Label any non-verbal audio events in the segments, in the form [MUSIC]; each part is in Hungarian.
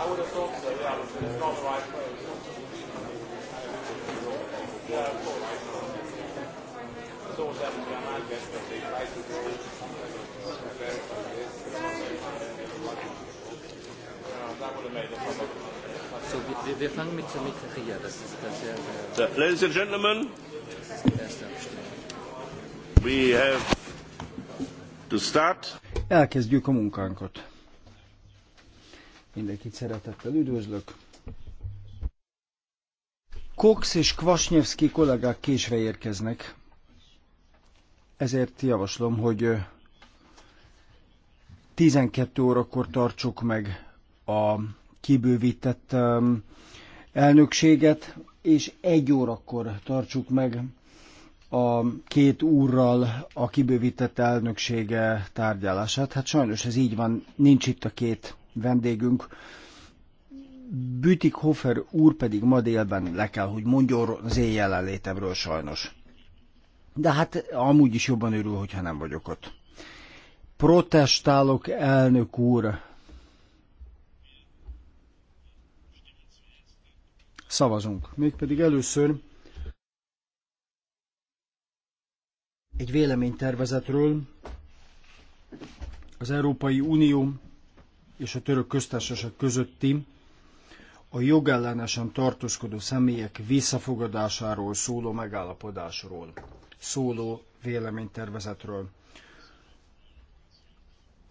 I would have thought so, yeah. It's not the right way. so, wir, fangen mit Samit Karia, das ist das sehr, sehr Ladies and Gentlemen, we have to start. Elkezdjük a munkánkat. Mindenkit szeretettel üdvözlök. Cox és Kvasnyevski kollégák késve érkeznek, ezért javaslom, hogy 12 órakor tartsuk meg a kibővített elnökséget, és egy órakor tartsuk meg a két úrral a kibővített elnöksége tárgyalását. Hát sajnos ez így van, nincs itt a két vendégünk. Bütik Hofer úr pedig ma délben le kell, hogy mondjon az én jelenlétemről sajnos. De hát amúgy is jobban örül, hogyha nem vagyok ott. Protestálok, elnök úr. Szavazunk. Mégpedig először egy véleménytervezetről az Európai Unió és a török köztársaság közötti a jogellenesen tartózkodó személyek visszafogadásáról szóló megállapodásról szóló véleménytervezetről.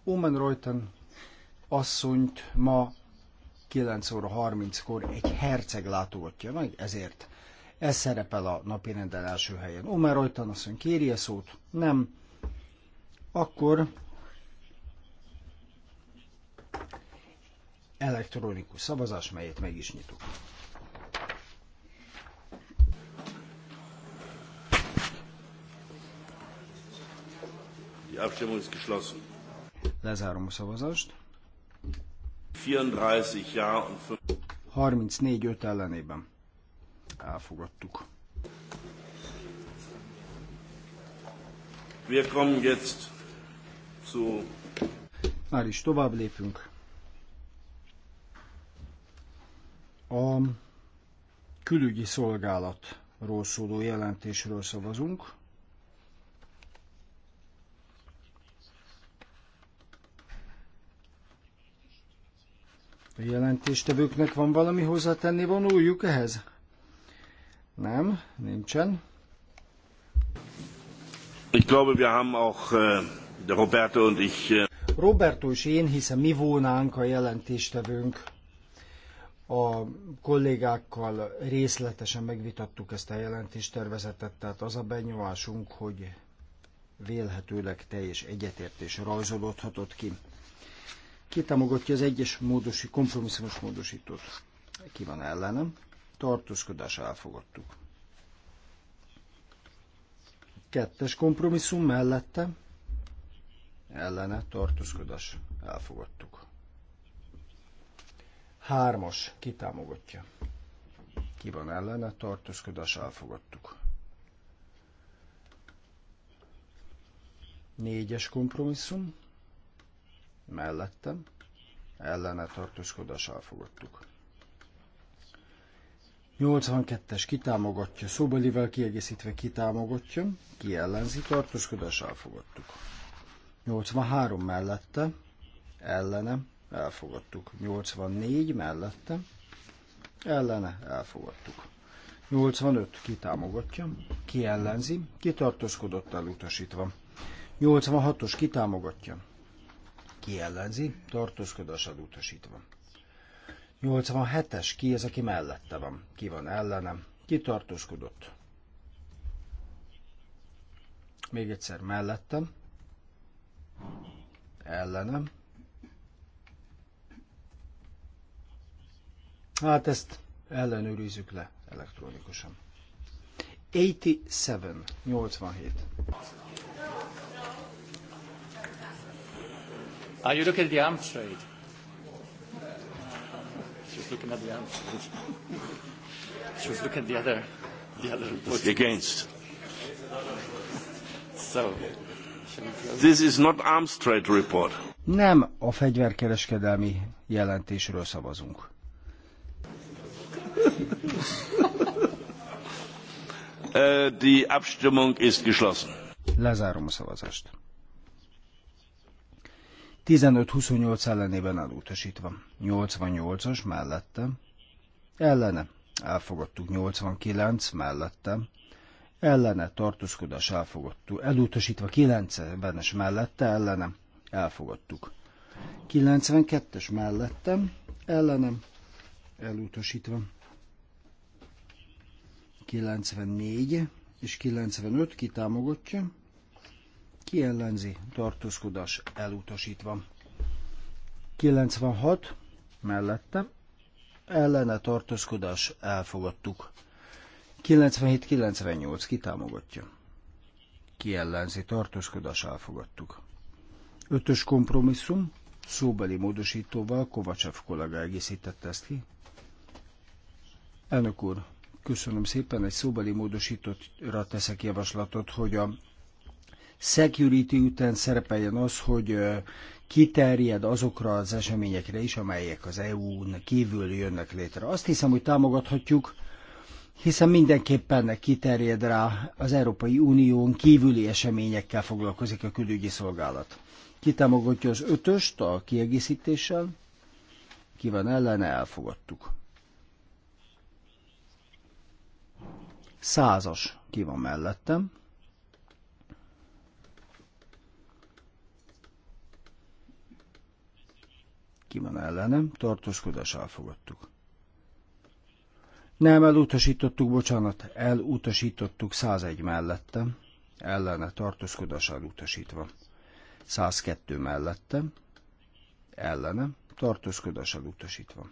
Omen Reuten asszonyt ma 9 óra 30-kor egy herceg látogatja meg, ezért ez szerepel a napi rendel első helyen. Omen Reuten asszony kéri a szót? Nem. Akkor elektronikus szavazás, melyet meg is nyitok. Lezárom a szavazást. 34 34 5 ellenében elfogadtuk. Wir kommen jetzt zu Már is tovább lépünk. A külügyi szolgálatról szóló jelentésről szavazunk. A jelentéstevőknek van valami hozzátenni vonuljuk ehhez? Nem, nincsen. Ich glaube, wir haben auch äh, Roberto und ich. Äh, Roberto és én, hiszem, mi volnánk a jelentéstevőnk a kollégákkal részletesen megvitattuk ezt a jelentéstervezetet, tehát az a benyomásunk, hogy vélhetőleg teljes egyetértés rajzolódhatott ki. Ki támogatja az egyes módosi, kompromisszumos módosítót? Ki van ellenem? Tartózkodás elfogadtuk. Kettes kompromisszum mellette ellene tartózkodás elfogadtuk. Hármas, ki támogatja? Ki van ellene? Tartózkodás elfogadtuk. Négyes kompromisszum. Mellettem. Ellene tartózkodás elfogadtuk. 82-es kitámogatja, szóbelivel kiegészítve kitámogatja, ki ellenzi, tartózkodás elfogadtuk. 83 mellette, ellene, elfogadtuk. 84 mellette, ellene elfogadtuk. 85 kitámogatja. ki ellenzi, kitartózkodott elutasítva. 86-os kitámogatja, ki ellenzi, tartózkodás elutasítva. 87-es ki ez, aki mellette van, ki van ellenem, kitartózkodott. Még egyszer mellettem, ellenem, Hát ezt ellenőrizzük le elektronikusan. 87, 87. Are you looking at the arms trade? was looking at the arms trade. She was looking at the other, the other report. Against. So, this is not arms trade report. Nem a fegyverkereskedelmi jelentésről szavazunk. Äh, die Abstimmung ist geschlossen. Lezárom a szavazást. 15-28 ellenében elutasítva. 88-as mellette. Ellene. Elfogadtuk 89 mellette. Ellene tartózkodás elfogadtuk. Elutasítva 90-es mellette ellene. Elfogadtuk. 92-es mellette. ellenem, elutasítva. 94 és 95 kitámogatja, ki ellenzi, tartózkodás elutasítva. 96 mellette, ellene tartózkodás elfogadtuk. 97-98 kitámogatja. Ki ellenzi, tartózkodás elfogadtuk. Ötös kompromisszum, szóbeli módosítóval Kovacsev kollega egészítette ezt ki. Elnök úr, Köszönöm szépen, egy szóbeli módosítóra teszek javaslatot, hogy a security után szerepeljen az, hogy kiterjed azokra az eseményekre is, amelyek az EU-n kívül jönnek létre. Azt hiszem, hogy támogathatjuk, hiszen mindenképpen kiterjed rá az Európai Unión kívüli eseményekkel foglalkozik a külügyi szolgálat. Kitámogatja az ötöst a kiegészítéssel, ki van ellene, elfogadtuk. Százas ki van mellettem. Ki van ellenem? Tartózkodás elfogadtuk. Nem, elutasítottuk, bocsánat, elutasítottuk 101 mellettem. Ellene tartózkodás elutasítva. 102 mellettem. Ellene tartózkodás elutasítva.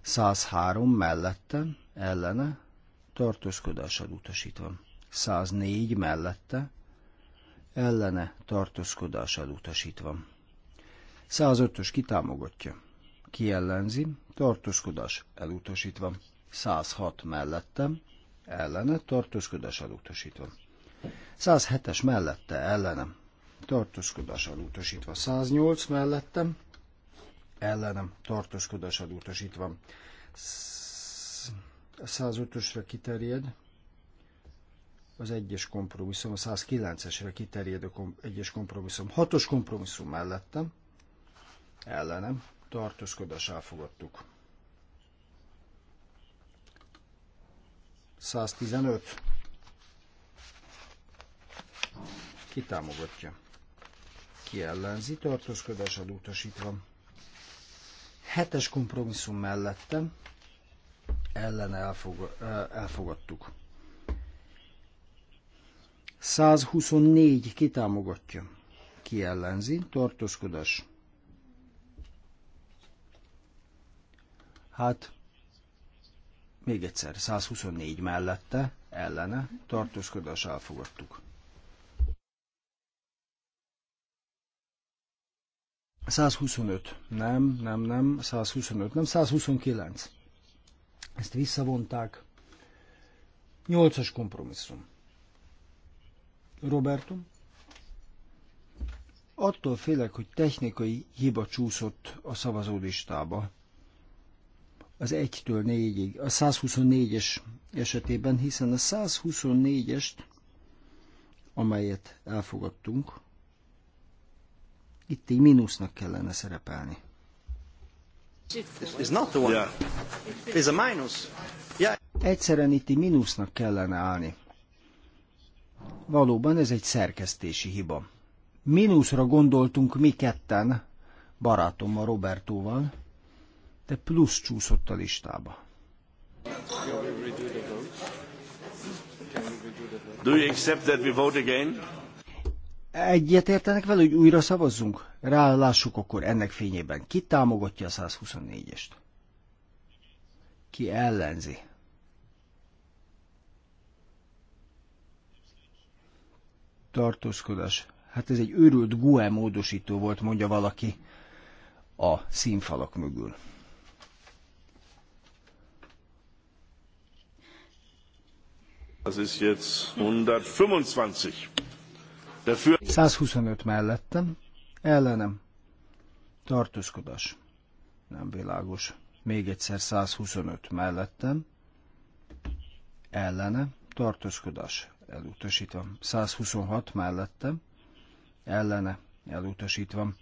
103 mellettem. Ellene tartózkodás utasítva. 104 mellette, ellene tartózkodás utasítva. 105-ös kitámogatja, kiellenzi, tartózkodás elutasítva. 106 mellette, ellene tartózkodás elutasítva. 107-es mellette, ellene tartózkodás elutasítva. 108 mellettem, ellenem, tartózkodás elutasítva. 105-ösre kiterjed, az egyes kompromisszum, a 109-esre kiterjed a kom- egyes kompromisszum. Hatos kompromisszum mellettem, ellenem, tartózkodás elfogadtuk. 115. kitámogatja. Ki ellenzi? Tartózkodás elutasítva. Hetes kompromisszum mellettem, ellen elfog, elfogadtuk. 124 kitámogatja, ki ellenzi, tartózkodás. Hát, még egyszer, 124 mellette, ellene, tartózkodás elfogadtuk. 125, nem, nem, nem, 125, nem, 129 ezt visszavonták. Nyolcas kompromisszum. Roberto? Attól félek, hogy technikai hiba csúszott a szavazólistába. Az 1-től 4-ig, a 124-es esetében, hiszen a 124-est, amelyet elfogadtunk, itt egy mínusznak kellene szerepelni. It's not the one. Yeah. It's a minus. Yeah. Egyszerűen itt mínusznak kellene állni. Valóban ez egy szerkesztési hiba. Mínuszra gondoltunk mi ketten, barátommal, Robertóval, de plusz csúszott a listába. Do you accept that we vote again? Egyetértenek vele, hogy újra szavazzunk? Rálássuk akkor ennek fényében. Ki támogatja a 124-est? Ki ellenzi? Tartózkodás. Hát ez egy őrült GUE módosító volt, mondja valaki a színfalak mögül. Az ist jetzt 125. 125 mellettem, ellenem. Tartózkodás. Nem világos. Még egyszer 125 mellettem, ellene. Tartózkodás. Elutasítva. 126 mellettem, ellene. Elutasítva.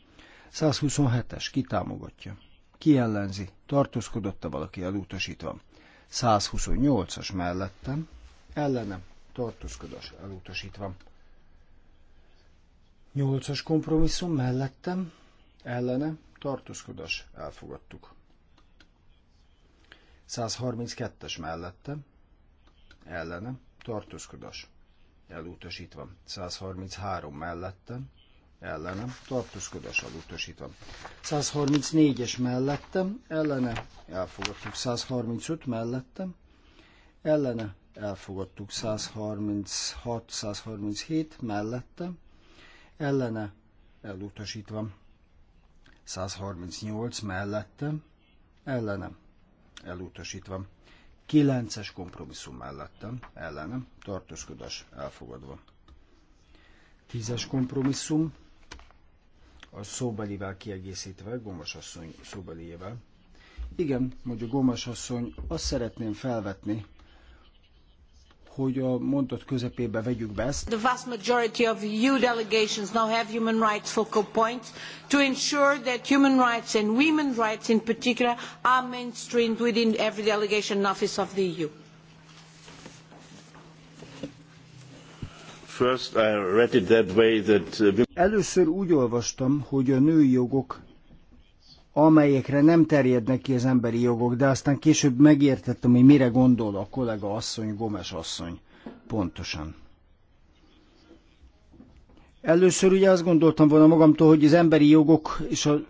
127-es. Ki támogatja? Ki ellenzi? Tartózkodott-e valaki elutasítva? 128-as mellettem, ellenem tartózkodás elutasítva. Nyolcas kompromisszum mellettem, ellene, tartózkodás, elfogadtuk. 132-es mellette, ellene, tartózkodás, elutasítva. 133 mellette, ellene, tartózkodás elutasítva. 134-es mellette, ellene, elfogadtuk. 135 mellette, ellene, elfogadtuk. 136, 137 mellette, ellene elutasítva. 138 mellette ellenem elutasítva. 9-es kompromisszum mellettem ellenem tartózkodás elfogadva. 10-es kompromisszum a szóbelivel kiegészítve, Gombas asszony Igen, mondja Gombas azt szeretném felvetni, hogy a mondat közepébe vegyük be ezt. The vast majority of EU delegations now have human rights focal points to ensure that human rights and women's rights in particular are mainstreamed within every delegation office of the EU. First, I read it that way that... Uh, Először úgy olvastam, hogy a női jogok amelyekre nem terjednek ki az emberi jogok, de aztán később megértettem, hogy mire gondol a kollega asszony, Gomes asszony. Pontosan. Először ugye azt gondoltam volna magamtól, hogy az emberi jogok és a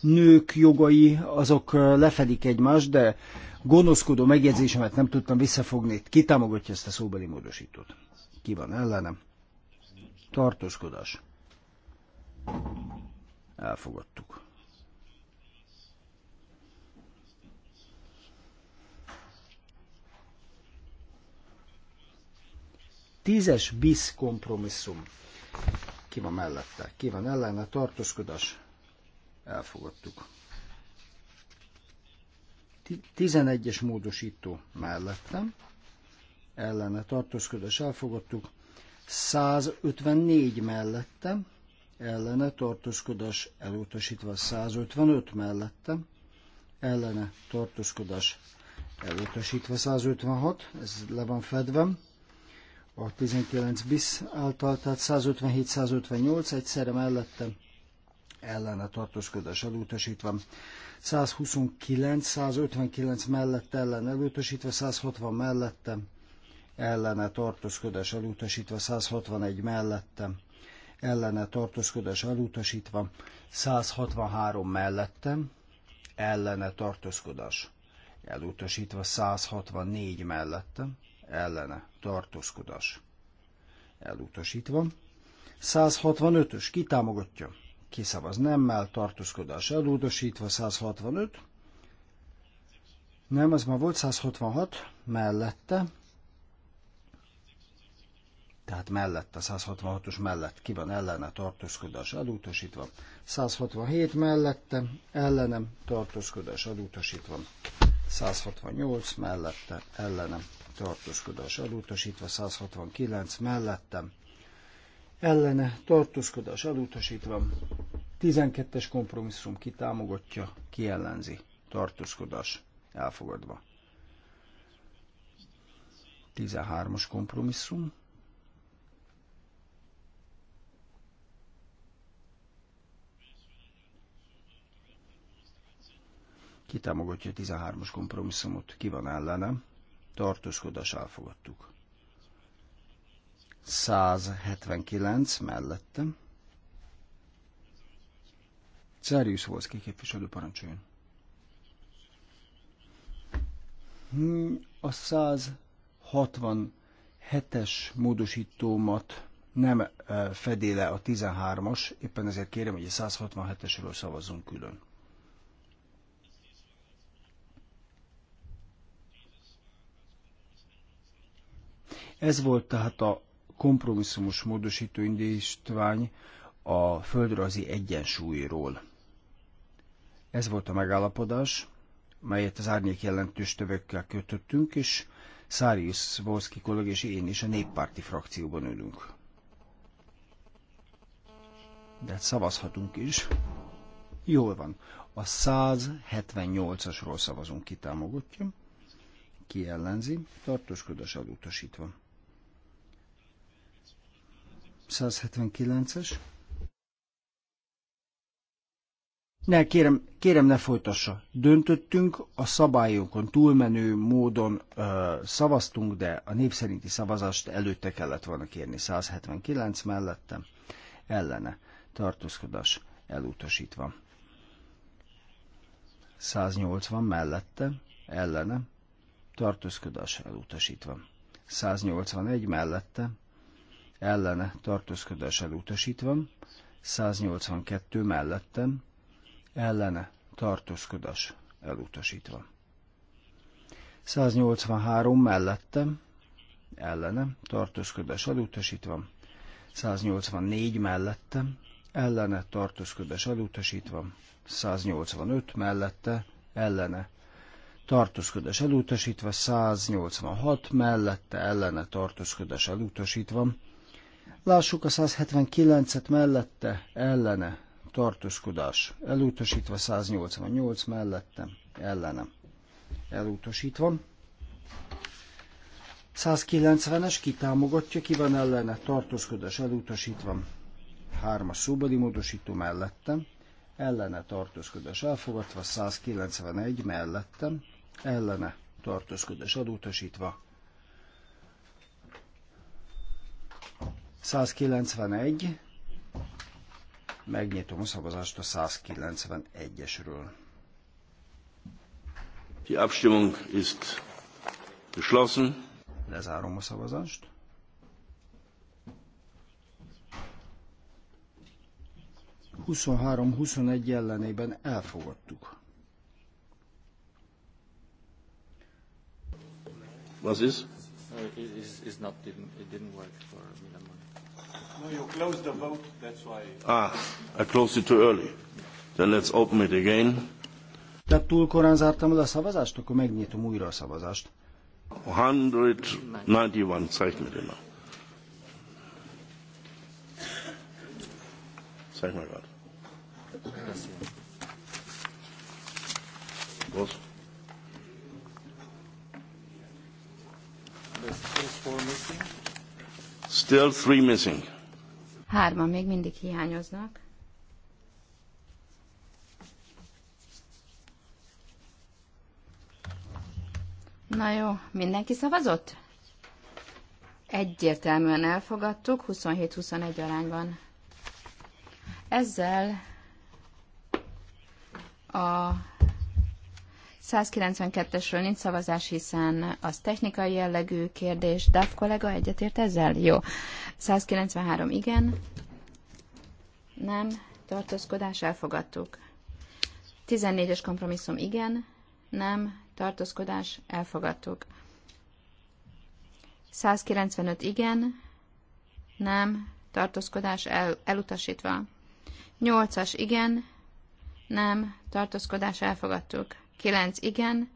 nők jogai azok lefedik egymást, de gonoszkodó megjegyzésemet nem tudtam visszafogni. Ki támogatja ezt a szóbeli módosítót? Ki van ellenem? Tartózkodás. Elfogadtuk. Tízes BISZ kompromisszum. Ki van mellette? Ki van ellene? Tartózkodás. Elfogadtuk. 11-es módosító mellettem. Ellene tartózkodás elfogadtuk. 154 mellettem. Ellene tartózkodás elutasítva. 155 mellettem. Ellene tartózkodás elutasítva. 156, ez le van fedve a 19 bis által, tehát 157-158 egyszerre mellette ellene tartózkodás elutasítva. 129, 159 mellette ellen elutasítva, 160 mellette ellene tartózkodás elutasítva, 161 mellette ellene tartózkodás elutasítva, 163 mellette ellene tartózkodás elutasítva, 164 mellette ellene tartózkodás elutasítva. 165-ös kitámogatja, kiszavaz nemmel, tartózkodás elutasítva, 165, nem, az már volt 166 mellette, tehát mellett, a 166-os mellett ki van ellene tartózkodás elutasítva, 167 mellette ellenem tartózkodás elutasítva, 168 mellette ellenem tartózkodás elutasítva, 169 mellettem, ellene tartózkodás elutasítva, 12-es kompromisszum kitámogatja, kiellenzi, tartózkodás elfogadva. 13-as kompromisszum, Kitámogatja a 13-as kompromisszumot, ki van ellene, tartózkodás elfogadtuk. 179 mellettem. volt Volszki képviselő parancsoljon. A 167-es módosítómat nem eh, fedéle a 13-as, éppen ezért kérem, hogy a 167-esről szavazzunk külön. Ez volt tehát a kompromisszumos módosító indítvány a földrajzi egyensúlyról. Ez volt a megállapodás, melyet az árnyék jelentős tövekkel kötöttünk, és Szárius Volszki kollega és én is a néppárti frakcióban ülünk. De hát szavazhatunk is. Jól van. A 178-asról szavazunk, ki támogatja, ki ellenzi, tartóskodás elutasítva. 179-es. Ne, kérem, kérem ne folytassa. Döntöttünk, a szabályokon túlmenő módon ö, szavaztunk, de a népszerinti szavazást előtte kellett volna kérni. 179 mellettem, ellene, tartózkodás elutasítva. 180 mellette, ellene, tartózkodás elutasítva. 181 mellette, ellene tartózkodás elutasítva, 182 mellettem ellene tartózkodás elutasítva. 183 mellettem ellene tartózkodás elutasítva, 184 mellettem ellene tartózkodás elutasítva, 185 mellette ellene tartózkodás elutasítva, 186 mellette ellene tartózkodás elutasítva, Lássuk a 179-et mellette, ellene, tartózkodás. Elutasítva 188 mellette, ellene. Elutasítva. 190-es kitámogatja, ki van ellene, tartózkodás elutasítva. 3-as szóbeli módosító mellette, ellene tartózkodás elfogadva, 191 mellette, ellene tartózkodás elutasítva, 191. Megnyitom a szavazást a 191-esről. Die Abstimmung ist geschlossen. Lezárom a szavazást. Huszonhárom, huszonegy ellenében elfogadtuk. Was is? No, it, is, is not, it didn't work for Milan No, you closed the vote, that's why. Ah, I closed it too early. Then let's open it again. Tehát túl korán zártam le a szavazást, akkor megnyitom újra a szavazást. 191 zeig mir den mal. Zeig mal gerade. Still three missing. Hárman még mindig hiányoznak. Na jó, mindenki szavazott? Egyértelműen elfogadtuk, 27-21 arányban. Ezzel a 192-esről nincs szavazás, hiszen az technikai jellegű kérdés. DAF kollega egyetért ezzel? Jó. 193 igen. Nem. Tartózkodás elfogadtuk. 14-es kompromisszum igen. Nem. Tartózkodás elfogadtuk. 195 igen. Nem. Tartózkodás el, elutasítva. 8-as igen. Nem. Tartózkodás elfogadtuk. 9 igen,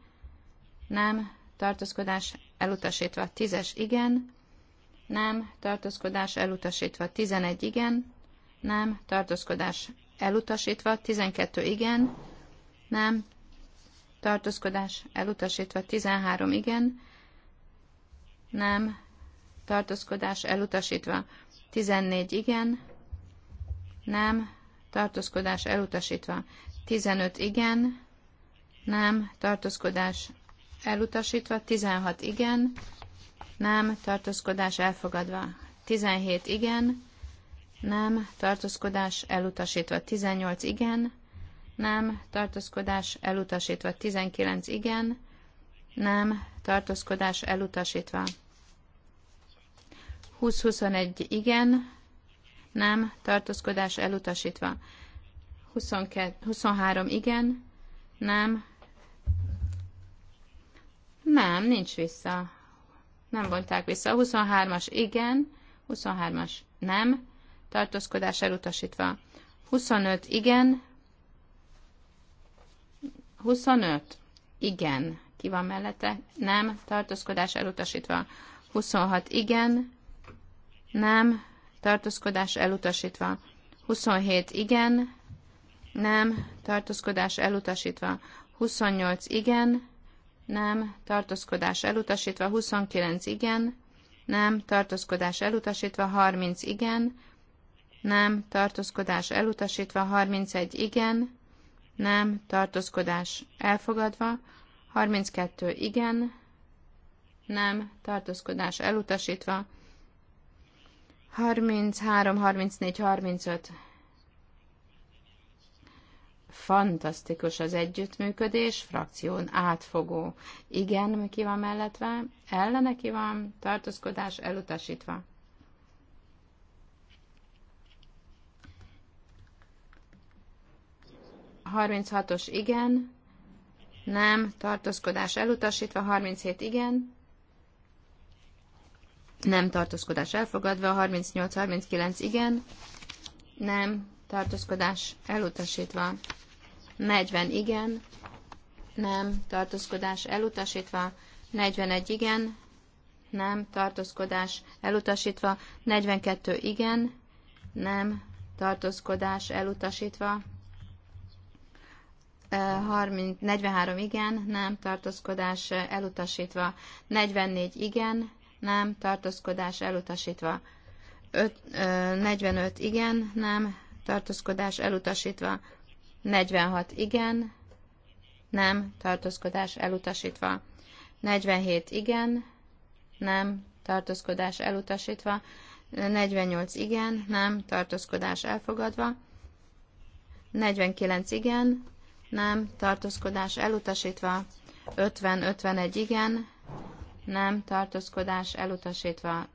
nem, tartózkodás elutasítva. 10-es igen, nem, tartózkodás elutasítva. 11 igen, nem, tartózkodás elutasítva. 12 igen, nem, tartózkodás elutasítva. 13 igen, nem, tartózkodás elutasítva. 14 igen, nem, tartózkodás elutasítva. 15 igen, nem, tartózkodás elutasítva, 16 igen, nem, tartózkodás elfogadva, 17 igen, nem, tartózkodás elutasítva, 18 igen, nem, tartózkodás elutasítva, 19 igen, nem, tartózkodás elutasítva. 20-21 igen, nem, tartózkodás elutasítva. 22, 23 igen, nem, nem, nincs vissza. Nem vonták vissza. 23-as igen, 23-as nem, tartózkodás elutasítva. 25 igen, 25 igen, ki van mellette, nem, tartózkodás elutasítva. 26 igen, nem, tartózkodás elutasítva. 27 igen, nem, tartózkodás elutasítva. 28 igen, nem, tartózkodás elutasítva, 29 igen, nem, tartózkodás elutasítva, 30 igen, nem, tartózkodás elutasítva, 31 igen, nem, tartózkodás elfogadva, 32 igen, nem, tartózkodás elutasítva, 33, 34, 35 fantasztikus az együttműködés, frakción átfogó. Igen, ki van mellettve, ellene ki van, tartózkodás elutasítva. Harminchatos igen, nem, tartózkodás elutasítva, 37 igen, nem, tartózkodás elfogadva, 38-39 igen, nem, tartózkodás elutasítva. 40 igen, nem, tartózkodás elutasítva. 41 igen, nem, tartózkodás elutasítva. 42 igen, nem, tartózkodás elutasítva. 30, 43 igen, nem, tartózkodás elutasítva. 44 igen, nem, tartózkodás elutasítva. 5, 45 igen, nem, tartózkodás elutasítva. 46 igen, nem, tartózkodás elutasítva. 47 igen, nem, tartózkodás elutasítva. 48 igen, nem, tartózkodás elfogadva. 49 igen, nem, tartózkodás elutasítva. 50-51 igen, nem, tartózkodás elutasítva.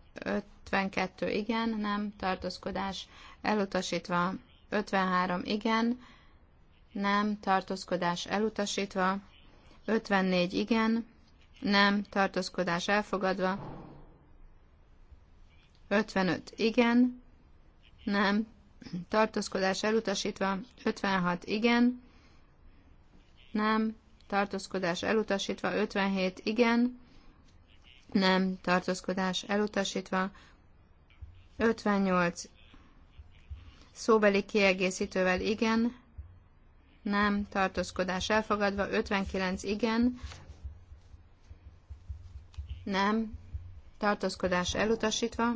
52 igen, nem, tartózkodás elutasítva, 53 igen, nem, tartózkodás elutasítva, 54 igen, nem, tartózkodás elfogadva, 55 igen, nem, tartózkodás elutasítva, 56 igen, nem, tartózkodás elutasítva, 57 igen, nem, tartózkodás elutasítva, 58 Szóbeli kiegészítővel igen, nem, tartózkodás elfogadva, 59 igen, nem, tartózkodás elutasítva,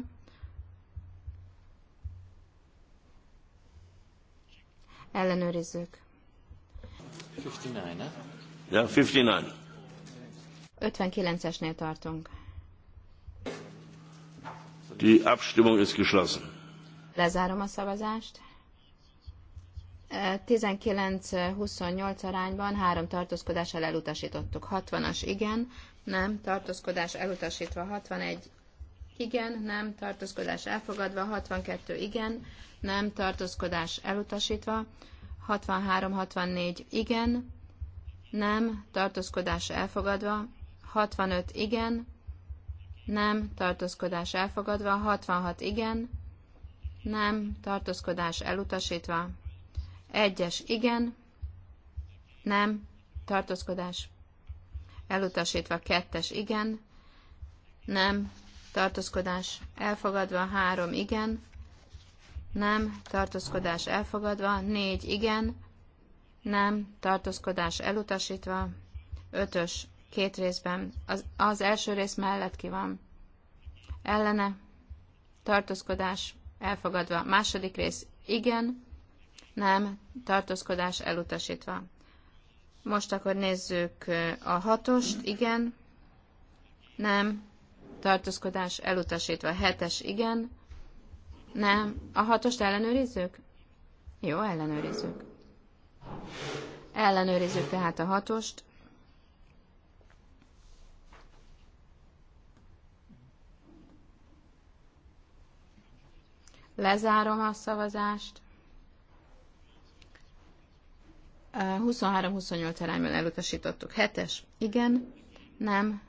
ellenőrizzük. 59, eh? Yeah, 59. 59-esnél tartunk. Die Abstimmung ist geschlossen. Lezárom a szavazást. 19-28 arányban három tartózkodással elutasítottuk. 60-as igen, nem, tartózkodás elutasítva. 61 igen, nem, tartózkodás elfogadva. 62 igen, nem, tartózkodás elutasítva. 63-64 igen, nem, tartózkodás elfogadva. 65 igen, nem, tartózkodás elfogadva. 66 igen, nem, tartózkodás elutasítva, egyes, igen, nem, tartózkodás elutasítva, kettes, igen, nem, tartózkodás elfogadva, három, igen, nem, tartózkodás elfogadva, négy, igen, nem, tartózkodás elutasítva, ötös, két részben, az, az első rész mellett ki van, ellene, tartózkodás elfogadva. Második rész, igen, nem, tartózkodás elutasítva. Most akkor nézzük a hatost, igen, nem, tartózkodás elutasítva. Hetes, igen, nem. A hatost ellenőrizzük? Jó, ellenőrizzük. Ellenőrizzük tehát a hatost. Lezárom a szavazást. 23-28 arányban elutasítottuk. 7-es. Igen, nem,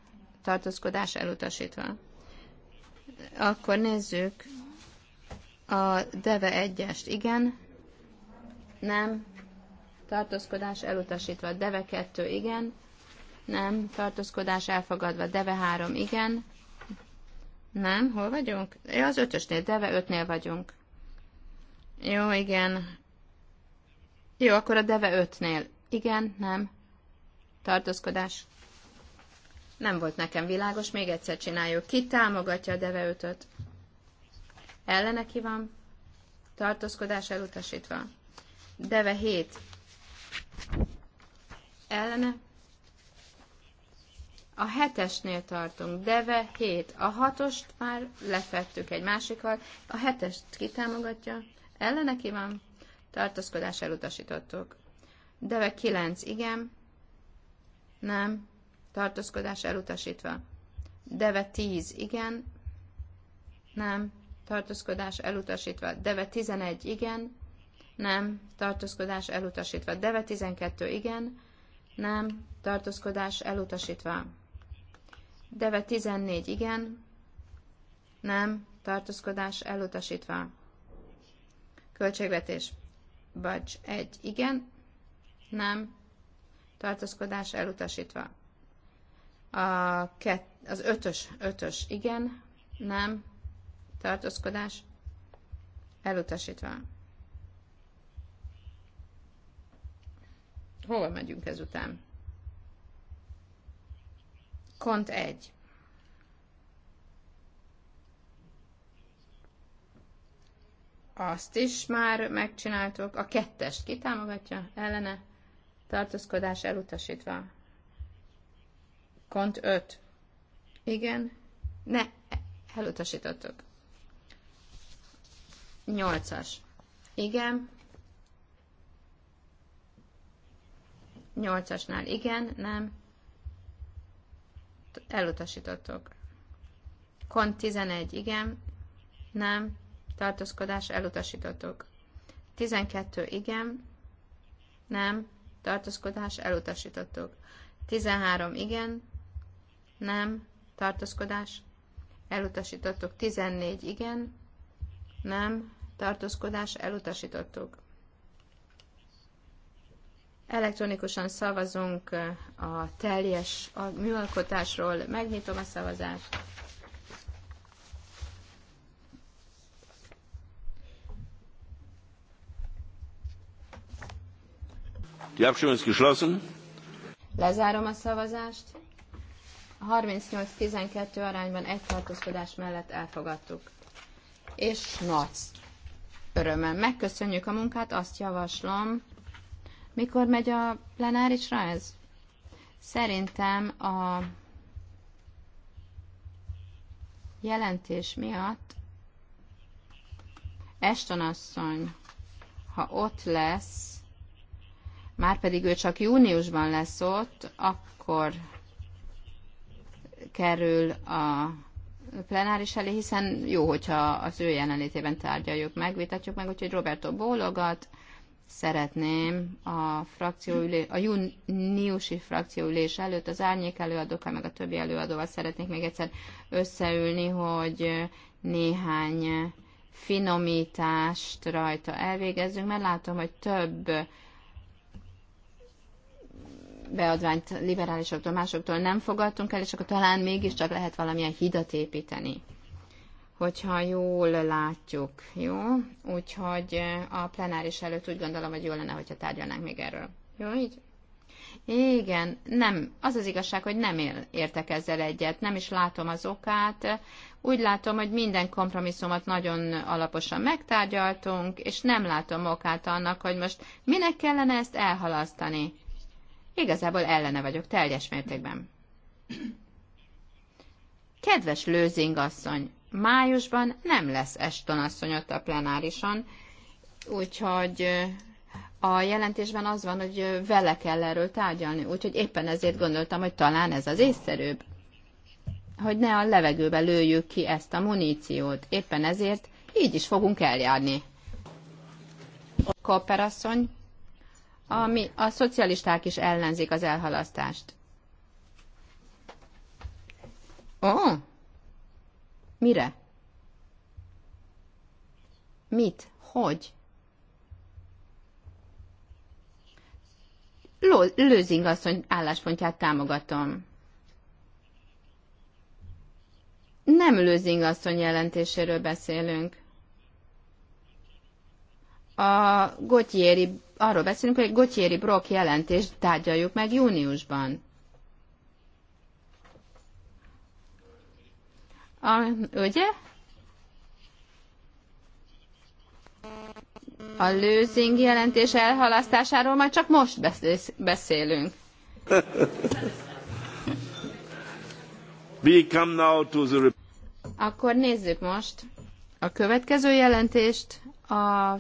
tartózkodás elutasítva. Akkor nézzük a Deve 1 Igen, nem, tartózkodás elutasítva. Deve 2, igen, nem, tartózkodás elfogadva. Deve 3, igen, nem, hol vagyunk? Ja, az ötösnél, deve ötnél vagyunk. Jó, igen. Jó, akkor a deve ötnél. Igen, nem. Tartózkodás. Nem volt nekem világos, még egyszer csináljuk. Ki támogatja a deve ötöt? Ellene ki van? Tartózkodás elutasítva. Deve 7. Ellene a hetesnél tartunk, deve 7. A hatost már lefettük egy másikkal. A hetest kitámogatja. Ellene ki van? Tartózkodás elutasítottuk. Deve 9. Igen. Nem. Tartózkodás elutasítva. Deve 10. Igen. Nem. Tartózkodás elutasítva. Deve 11. Igen. Nem. Tartózkodás elutasítva. Deve 12. Igen. Nem. Tartózkodás elutasítva. Deve 14 igen, nem, tartózkodás elutasítva. Költségvetés vagy 1 igen, nem, tartózkodás elutasítva. A kett, az ötös, ötös igen, nem, tartózkodás elutasítva. Hova megyünk ezután? Kont 1. Azt is már megcsináltuk. A kettest kitámogatja ellene tartózkodás elutasítva. Kont 5. Igen. Ne, elutasítottuk. 8-as. Igen. 8-asnál igen, nem elutasítottuk. Kont 11, igen, nem, tartózkodás, elutasítottuk. 12, igen, nem, tartózkodás, elutasítottuk. 13, igen, nem, tartózkodás, elutasítottuk. 14, igen, nem, tartózkodás, elutasítottuk. Elektronikusan szavazunk a teljes a műalkotásról. Megnyitom a szavazást. Lezárom a szavazást. 38-12 arányban egy tartózkodás mellett elfogadtuk. És nagy örömmel megköszönjük a munkát, azt javaslom, mikor megy a plenárisra ez? Szerintem a jelentés miatt Eston asszony, ha ott lesz, már pedig ő csak júniusban lesz ott, akkor kerül a plenáris elé, hiszen jó, hogyha az ő jelenlétében tárgyaljuk meg, vitatjuk meg, úgyhogy Roberto bólogat, szeretném a, frakcióülé, a júniusi frakcióülés előtt az árnyék előadókkal, meg a többi előadóval szeretnék még egyszer összeülni, hogy néhány finomítást rajta elvégezzünk, mert látom, hogy több beadványt liberálisoktól, másoktól nem fogadtunk el, és akkor talán mégiscsak lehet valamilyen hidat építeni hogyha jól látjuk, jó? Úgyhogy eh, a plenáris előtt úgy gondolom, hogy jó lenne, hogyha tárgyalnánk még erről. Jó így? Igen, nem, az az igazság, hogy nem értek ezzel egyet, nem is látom az okát. Úgy látom, hogy minden kompromisszumot nagyon alaposan megtárgyaltunk, és nem látom okát annak, hogy most minek kellene ezt elhalasztani. Igazából ellene vagyok teljes mértékben. Kedves lőzingasszony, májusban nem lesz Eston asszony ott a plenárison, úgyhogy a jelentésben az van, hogy vele kell erről tárgyalni, úgyhogy éppen ezért gondoltam, hogy talán ez az észszerűbb, hogy ne a levegőbe lőjük ki ezt a muníciót. Éppen ezért így is fogunk eljárni. A a, ami a szocialisták is ellenzik az elhalasztást. Ó, oh, Mire? Mit? Hogy? Lőzing asszony álláspontját támogatom. Nem Lőzing asszony jelentéséről beszélünk. A Gotyéri, arról beszélünk, hogy Gotyéri Brock jelentést tárgyaljuk meg júniusban. A, ugye? A lőzing jelentés elhalasztásáról majd csak most beszélünk. [LAUGHS] We come now to the... Akkor nézzük most a következő jelentést, a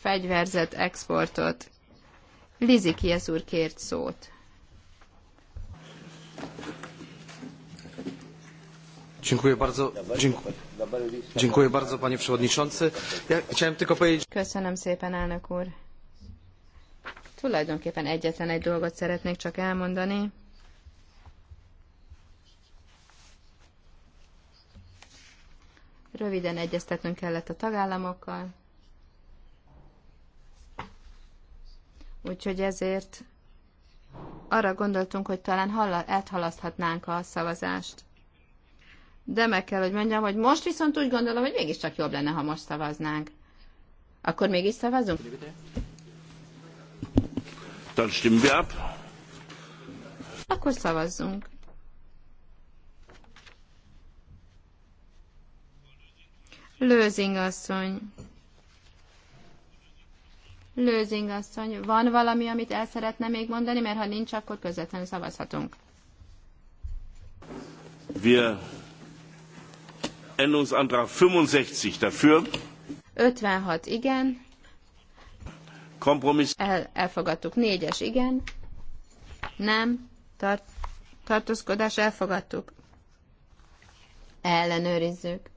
fegyverzet exportot. Lizi Kiesz úr kért szót. Dziękuję bardzo. panie przewodniczący. Ja chciałem tylko powiedzieć... Köszönöm szépen, elnök úr. Tulajdonképpen egyetlen egy dolgot szeretnék csak elmondani. Röviden egyeztetnünk kellett a tagállamokkal. Úgyhogy ezért arra gondoltunk, hogy talán áthalaszthatnánk a szavazást de meg kell, hogy mondjam, hogy most viszont úgy gondolom, hogy mégiscsak jobb lenne, ha most szavaznánk. Akkor mégis szavazunk? Akkor szavazzunk. Lőzing asszony. Lőzing asszony, van valami, amit el szeretne még mondani, mert ha nincs, akkor közvetlenül szavazhatunk. Wir Änderungsantrag 65 dafür. 56 igen. Kompromiss. El, elfogadtuk. Négyes igen. Nem. Tart, tartózkodás elfogadtuk. Ellenőrizzük.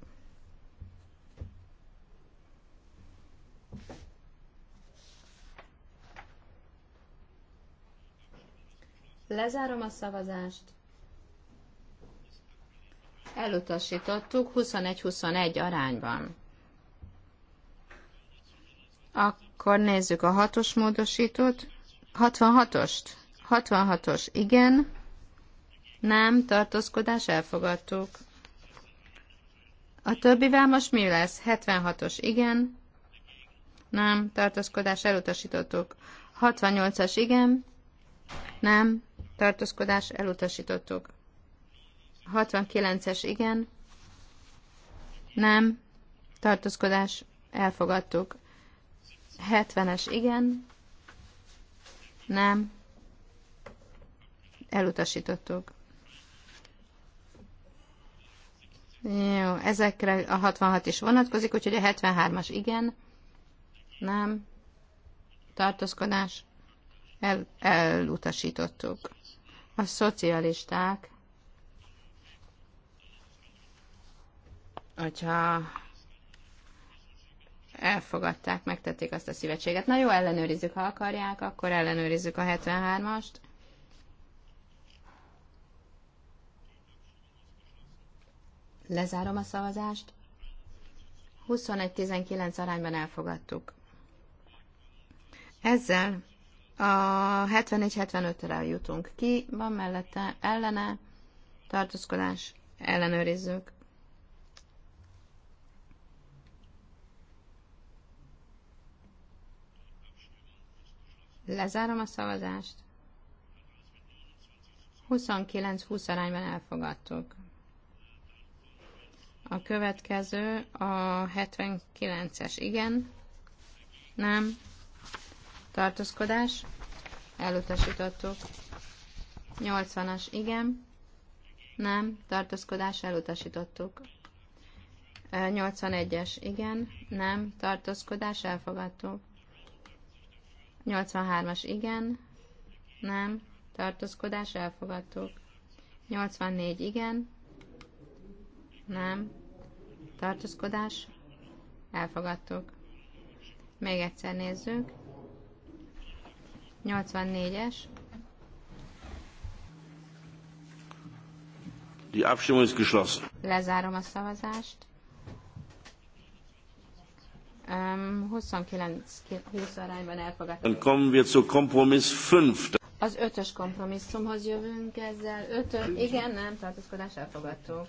Lezárom a szavazást elutasítottuk 21-21 arányban. Akkor nézzük a hatos módosítót. 66-ost. 66-os, igen. Nem, tartózkodás, elfogadtuk. A többivel most mi lesz? 76-os, igen. Nem, tartózkodás, elutasítottuk. 68-as, igen. Nem, tartózkodás, elutasítottuk. 69-es igen, nem, tartózkodás, elfogadtuk. 70-es igen, nem, elutasítottuk. Jó, ezekre a 66 is vonatkozik, úgyhogy a 73-as igen, nem, tartózkodás, el, elutasítottuk. A szocialisták hogyha elfogadták, megtették azt a szívetséget. Na jó, ellenőrizzük, ha akarják, akkor ellenőrizzük a 73-ast. Lezárom a szavazást. 21-19 arányban elfogadtuk. Ezzel a 74-75-re jutunk ki, van mellette ellene, tartózkodás, ellenőrizzük. Lezárom a szavazást. 29-20 arányban elfogadtuk. A következő a 79-es. Igen. Nem. Tartózkodás. Elutasítottuk. 80-as. Igen. Nem. Tartózkodás. Elutasítottuk. 81-es. Igen. Nem. Tartózkodás. Elfogadtuk. 83-as igen, nem, tartózkodás, elfogadtuk. 84 igen, nem, tartózkodás, elfogadtuk. Még egyszer nézzük. 84-es. Die Abstimmung ist geschlossen. Lezárom a szavazást. Um, 29-20 arányban elfogadtuk. Az ötös kompromisszumhoz jövünk ezzel. Ötös, igen, nem, tartózkodás elfogadtuk.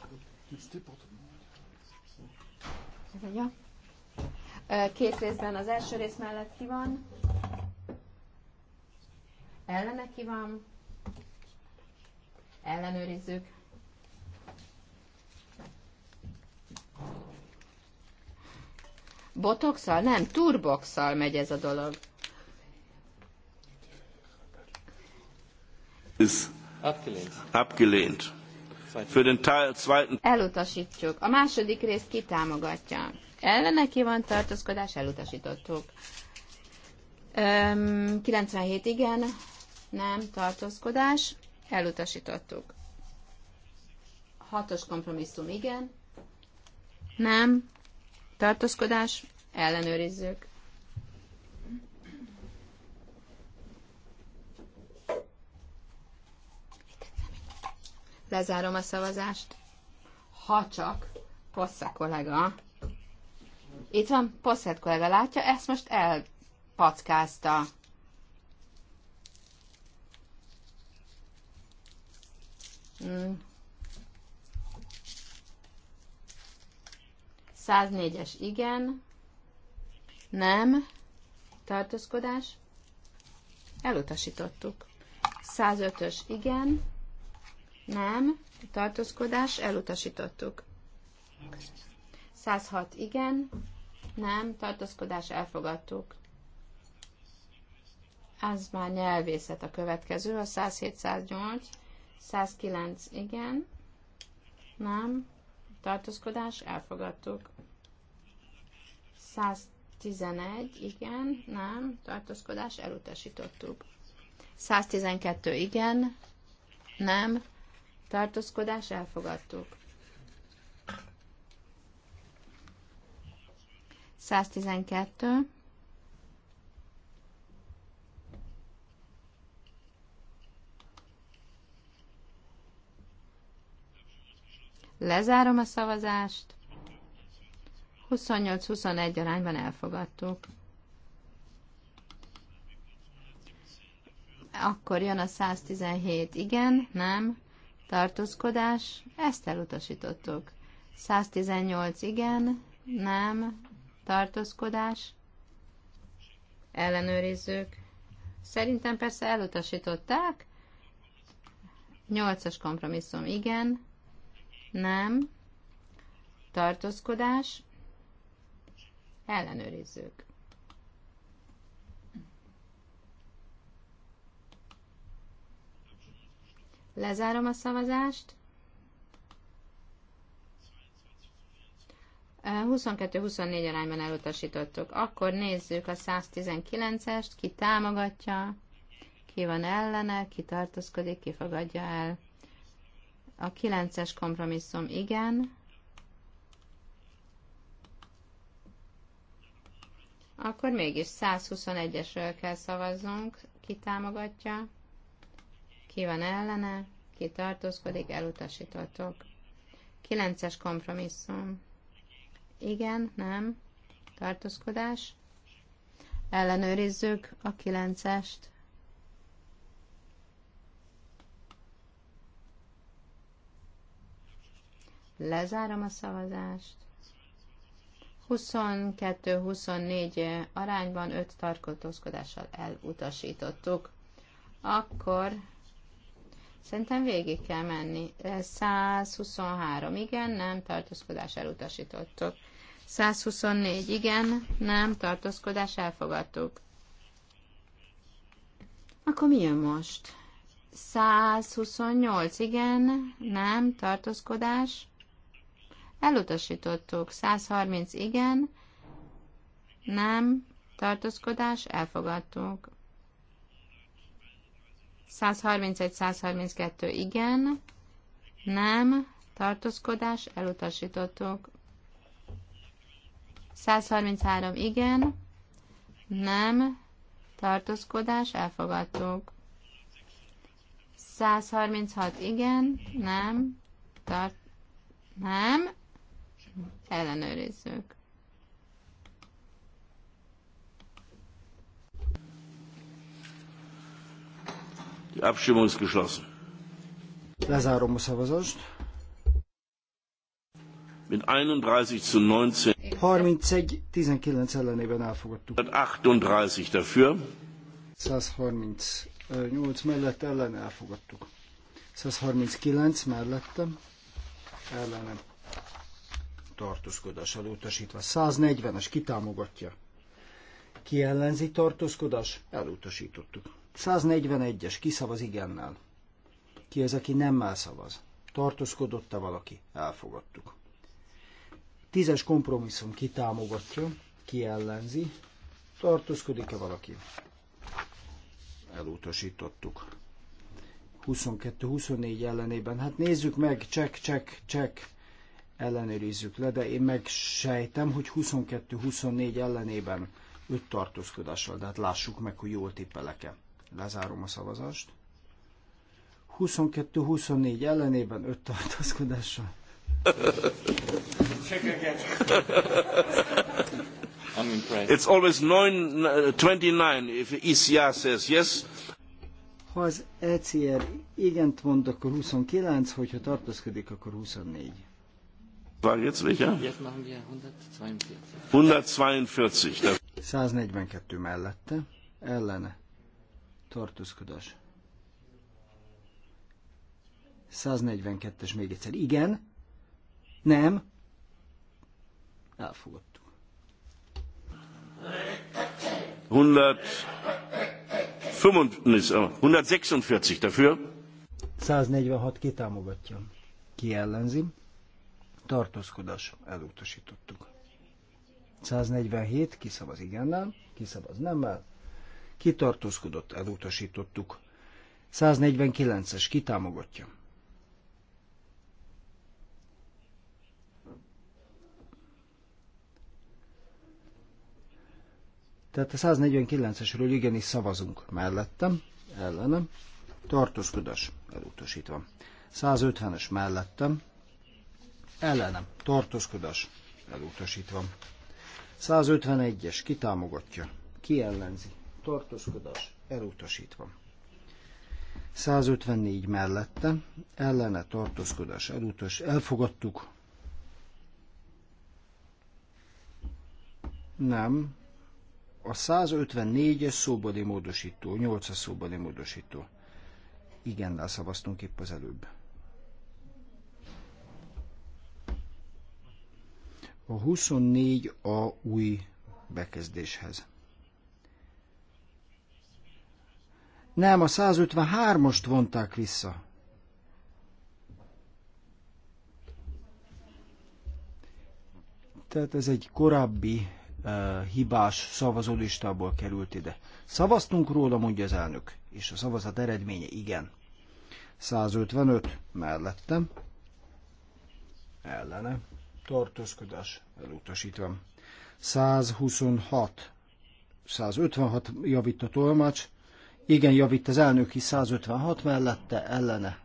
Két részben az első rész mellett ki van. Ellene ki van. Ellenőrizzük. Botoxal? Nem, turboxal megy ez a dolog. Ez abgelehnt. abgelehnt. Für den Teil zweiten. Elutasítjuk. A második részt kitámogatja. Ellene ki van tartózkodás, elutasítottuk. Öm, 97 igen, nem tartózkodás, elutasítottuk. Hatos kompromisszum igen, nem Tartózkodás, ellenőrizzük. Lezárom a szavazást. Ha csak Possza kollega. Itt van Posset kollega, látja? Ezt most elpackázta. Mm. 104-es igen, nem, tartózkodás, elutasítottuk. 105-ös igen, nem, tartózkodás, elutasítottuk. 106 igen, nem, tartózkodás, elfogadtuk. Az már nyelvészet a következő, a 107-108, 109 igen, nem, tartózkodás, elfogadtuk. 111, igen, nem, tartózkodás, elutasítottuk. 112, igen, nem, tartózkodás, elfogadtuk. 112, Lezárom a szavazást. 28-21 arányban elfogadtuk. Akkor jön a 117. Igen, nem. Tartózkodás. Ezt elutasítottuk. 118. Igen, nem. Tartózkodás. Ellenőrizzük. Szerintem persze elutasították. 8-as kompromisszum. Igen. Nem. Tartózkodás. Ellenőrizzük. Lezárom a szavazást. 22-24 arányban elutasítottuk. Akkor nézzük a 119-est, ki támogatja, ki van ellene, ki tartózkodik, ki fogadja el. A 9-es kompromisszum igen. Akkor mégis 121-esről kell szavaznunk. Ki támogatja? Ki van ellene? Ki tartózkodik? Elutasítottok. 9-es kompromisszum. Igen, nem. Tartózkodás. Ellenőrizzük a 9-est. Lezárom a szavazást. 22-24 arányban 5 tartózkodással elutasítottuk. Akkor szerintem végig kell menni. 123, igen, nem, tartózkodás elutasítottuk. 124, igen, nem, tartózkodás elfogadtuk. Akkor mi jön most? 128, igen, nem, tartózkodás. Elutasítottuk. 130 igen, nem, tartózkodás, elfogadtuk. 131-132 igen, nem, tartózkodás, elutasítottuk. 133 igen, nem, tartózkodás, elfogadtuk. 136 igen, nem, tart, nem, ellenőrizzük. Lezárom a szavazást. 31 19. ellenében elfogadtuk. 138 dafür. 138 mellett ellen elfogadtuk. 139 mellettem ellenem tartózkodás utasítva. 140-es kitámogatja. Ki ellenzi tartózkodás? Elutasítottuk. 141-es kiszavaz igennel. Ki az, aki nemmel szavaz? Tartózkodott-e valaki? Elfogadtuk. Tízes kompromisszum kitámogatja, ki ellenzi, tartózkodik-e valaki? Elutasítottuk. 22-24 ellenében. Hát nézzük meg, csek, csek, csek ellenőrizzük le, de én meg sejtem, hogy 22-24 ellenében öt tartózkodással, de hát lássuk meg, hogy jól tippelek-e. Lezárom a szavazást. 22-24 ellenében öt tartózkodással. It's always 9, 29 if ECR says yes. Ha az ECR igent mond, akkor 29, hogyha tartózkodik, akkor 24. War jetzt welcher? Jetzt machen wir 142. 142. 142 mellette, ellene, tartózkodás. 142-es még egyszer. Igen, nem, elfogadtuk. 145 szóval, dafür. 146 kitámogatja. Ki ellenzi? tartózkodás elutasítottuk. 147, kiszavaz igennel, kiszavaz nemmel, kitartózkodott, elutasítottuk. 149-es, kitámogatja. Tehát a 149-esről igenis szavazunk mellettem, ellenem, tartózkodás elutasítva. 150-es mellettem, ellenem tartózkodás elutasítva. 151-es kitámogatja, kiellenzi, tartózkodás elutasítva. 154 mellette, ellene tartózkodás elutas, elfogadtuk. Nem. A 154-es szóbadi módosító, 8-as szóbadi módosító. Igen, szavaztunk épp az előbb. A 24a új bekezdéshez. Nem, a 153-ost vonták vissza. Tehát ez egy korábbi uh, hibás szavazólistából került ide. Szavaztunk róla, mondja az elnök, és a szavazat eredménye igen. 155 mellettem, ellene tartózkodás elutasítva. 126, 156 javít a tolmács, igen, javít az elnök, 156 mellette, ellene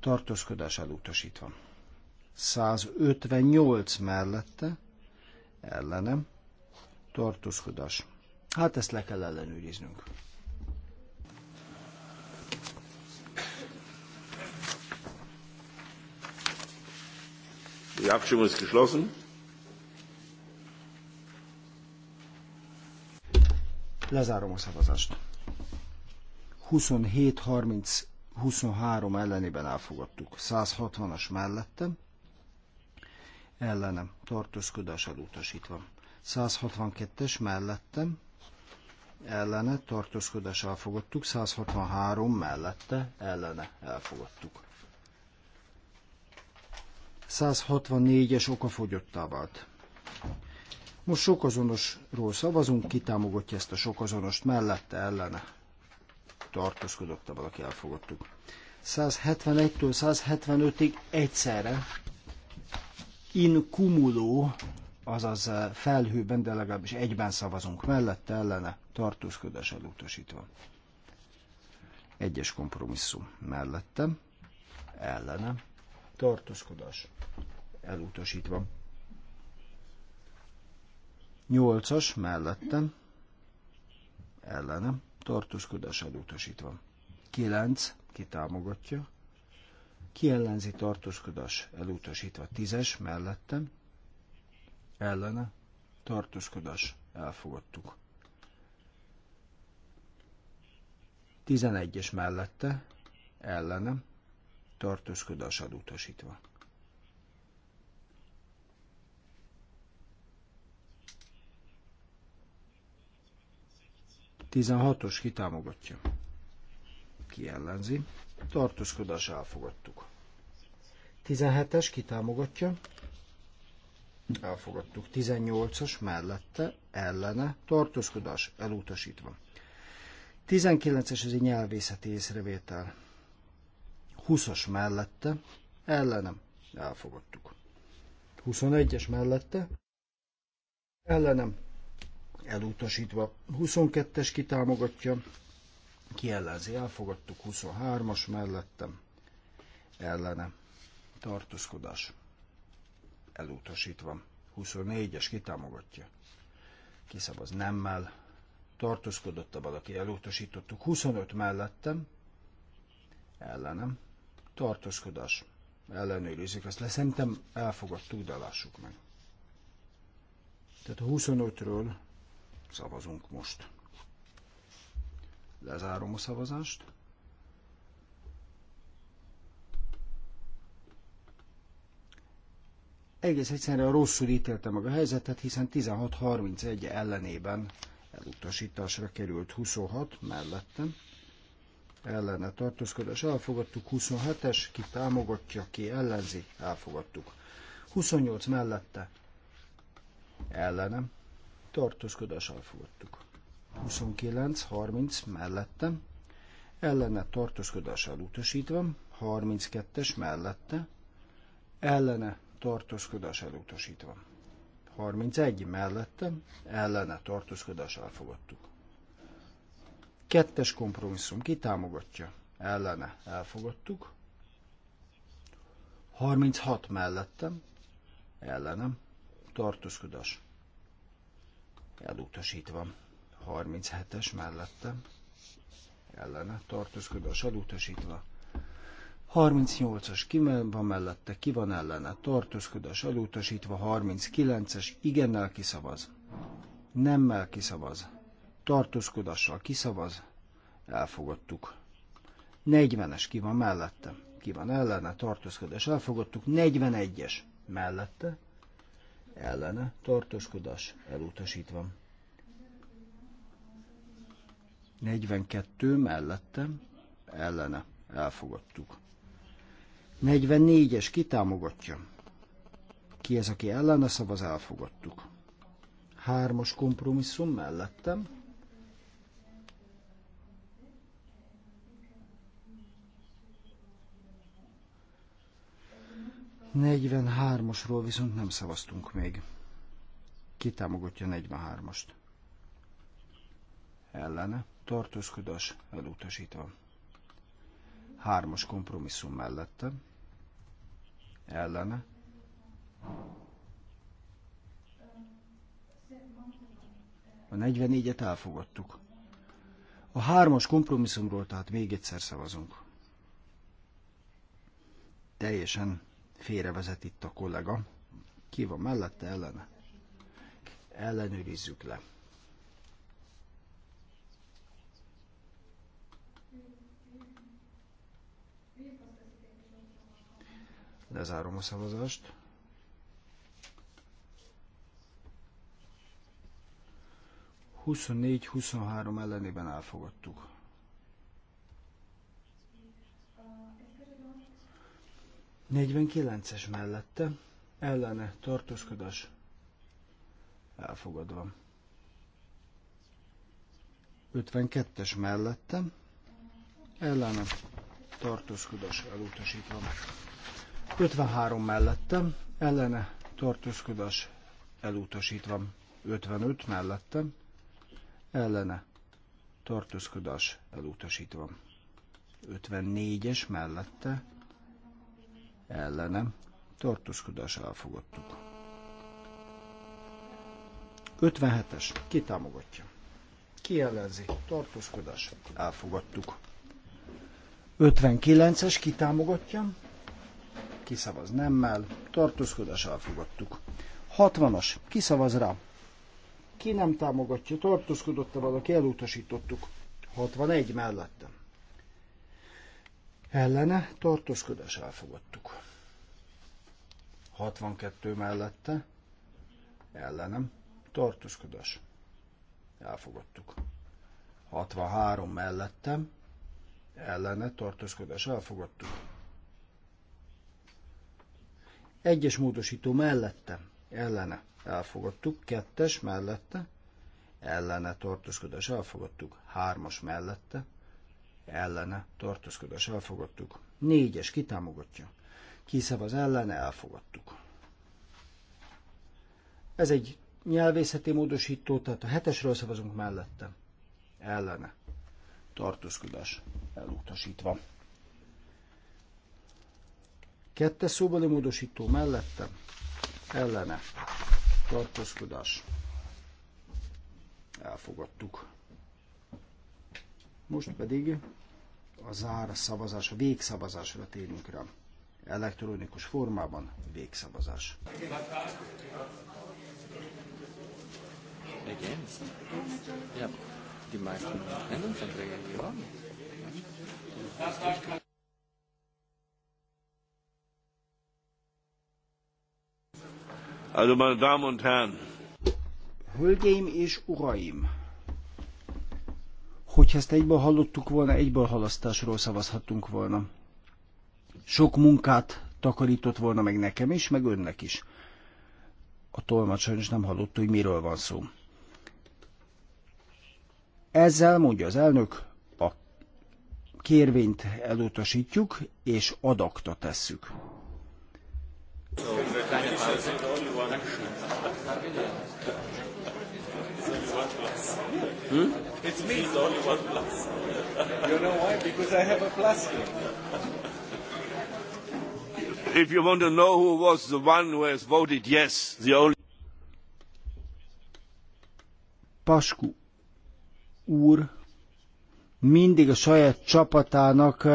tartózkodás elutasítva. 158 mellette, ellenem, tartózkodás. Hát ezt le kell ellenőriznünk. Die Abstimmung ist geschlossen. Lezárom a szavazást. 27-30-23 ellenében elfogadtuk. 160-as mellettem, ellenem, tartózkodás elutasítva. 162-es mellettem, ellene, tartózkodás elfogadtuk. 163 mellette, ellene, elfogadtuk. 164-es okafogyottá vált. Most sokazonosról szavazunk, ki támogatja ezt a sokazonost, mellette ellene tartózkodott, valaki elfogadtuk. 171-től 175-ig egyszerre in cumulo, azaz eh, felhőben, de legalábbis egyben szavazunk mellette, ellene tartózkodás elutasítva. Egyes kompromisszum mellette, ellene tartózkodás elutasítva. Nyolcas mellettem ellenem tartózkodás elutasítva. Kilenc kitámogatja, Kiellenzi tartózkodás elutasítva. Tízes mellettem ellene tartózkodás elfogadtuk. 11-es mellette ellenem a elutasítva. Tizenhatos kitámogatja. Ki ellenzi? Tartózkodás elfogadtuk. 17-es kitámogatja. Elfogadtuk. 18-as mellette, ellene, tartózkodás elutasítva. 19-es ez egy nyelvészeti észrevétel. 20-as mellette, ellenem, elfogadtuk. 21-es mellette, ellenem, elutasítva. 22-es kitámogatja, kiellenzi, elfogadtuk. 23-as mellettem, ellenem, tartózkodás, elutasítva. 24-es kitámogatja, kiszavaz nemmel, tartózkodott a valaki, elutasítottuk. 25 mellettem, ellenem, tartózkodás ellenőrizik, Ezt leszentem, elfogadtuk, de lássuk meg. Tehát a 25-ről szavazunk most. Lezárom a szavazást. Egész egyszerűen rosszul ítélte meg a helyzetet, hiszen 1631 ellenében elutasításra került 26 mellettem ellene tartózkodás elfogadtuk, 27-es, ki támogatja, ki ellenzi, elfogadtuk. 28 mellette ellenem tartózkodás elfogadtuk. 29-30 mellette ellene tartózkodás elutasítva, 32-es mellette ellene tartózkodás elutasítva. 31 mellette ellene tartózkodás elfogadtuk. Kettes kompromisszum. Ki támogatja? Ellene. Elfogadtuk. 36 mellettem. Ellenem. Tartózkodás. Elutasítva. 37-es mellettem. Ellene. Tartózkodás. Elutasítva. 38-as ki van mellette, ki van ellene, tartózkodás elutasítva, 39-es igennel kiszavaz, nemmel kiszavaz, tartózkodással kiszavaz, elfogadtuk. 40-es ki van mellette, ki van ellene, tartózkodás, elfogadtuk. 41-es mellette, ellene, tartózkodás, elutasítva. 42 mellette, ellene, elfogadtuk. 44-es kitámogatja. Ki ez, aki ellene szavaz, elfogadtuk. Hármas kompromisszum mellettem, 43-asról viszont nem szavaztunk még. Ki támogatja 43-ast? Ellene. Tartózkodás elutasítva. Hármas kompromisszum mellette. Ellene. A 44-et elfogadtuk. A hármas kompromisszumról tehát még egyszer szavazunk. Teljesen Félrevezet itt a kollega. Ki van mellette, ellene? Ellenőrizzük le. Lezárom a szavazást. Huszonnégy-huszonhárom ellenében elfogadtuk. 49-es mellette ellene tartózkodás elfogadva. 52-es mellette ellene tartózkodás elutasítva. 53 mellette ellene tartózkodás elutasítva. 55 mellette ellene tartózkodás elutasítva. 54-es mellette ellenem tartózkodás elfogadtuk. 57-es, ki támogatja? Ki ellenzi? Tartózkodás elfogadtuk. 59-es, ki támogatja? Kiszavaz nemmel, tartózkodás elfogadtuk. 60-as, kiszavaz rá? Ki nem támogatja, tartózkodott-e valaki, elutasítottuk. 61 mellettem ellene tartózkodás elfogadtuk. 62 mellette ellenem tartózkodás elfogadtuk. 63 mellettem ellene tartózkodás elfogadtuk. Egyes módosító mellette ellene elfogadtuk, kettes mellette ellene tartózkodás elfogadtuk, hármas mellette ellene tartózkodás elfogadtuk. Négyes kitámogatja. Kiszavaz ellene elfogadtuk. Ez egy nyelvészeti módosító, tehát a hetesről szavazunk mellette. Ellene. Tartózkodás elutasítva. Kettes szóbeli módosító mellette. Ellene. Tartózkodás. Elfogadtuk. Most pedig a zár szavazás, a végszavazásra térünk rá. Elektronikus formában végszavazás. Ergänzt. Ja, die meisten Änderungsanträge, die waren. Also, meine Damen und Herren. Hölgyeim és uraim! Hogyha ezt egyből hallottuk volna, egyből halasztásról szavazhattunk volna. Sok munkát takarított volna meg nekem is, meg önnek is. A tolmács sajnos nem hallott, hogy miről van szó. Ezzel, mondja az elnök, a kérvényt elutasítjuk, és adakta tesszük. Hmm? It's me, it's only one plus. you know why? Because I have a plus here. If you want to know who was the one who has voted yes, the only... Pasku úr mindig a saját csapatának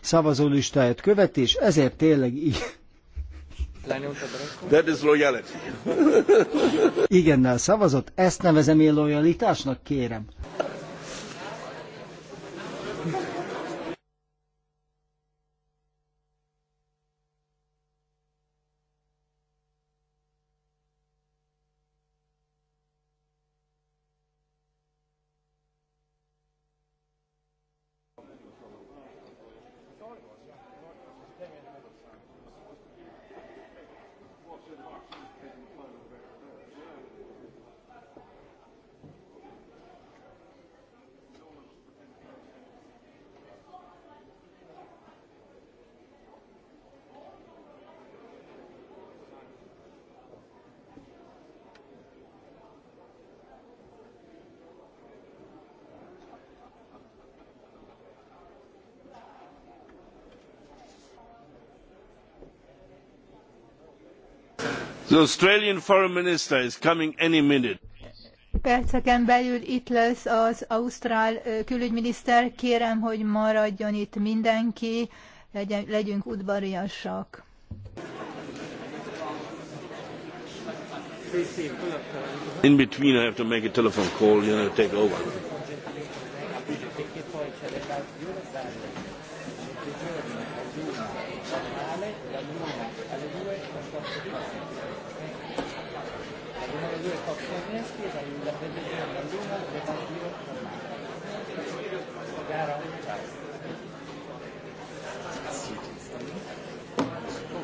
szavazólistáját követi, és ezért tényleg így. That is loyalty. [LAUGHS] Igennel szavazott, ezt nevezem én lojalitásnak, kérem. The Australian Perceken belül itt lesz az ausztrál külügyminiszter. Kérem, hogy maradjon itt mindenki, legyünk udvariasak. In between I have to make a telephone call, you know, take over.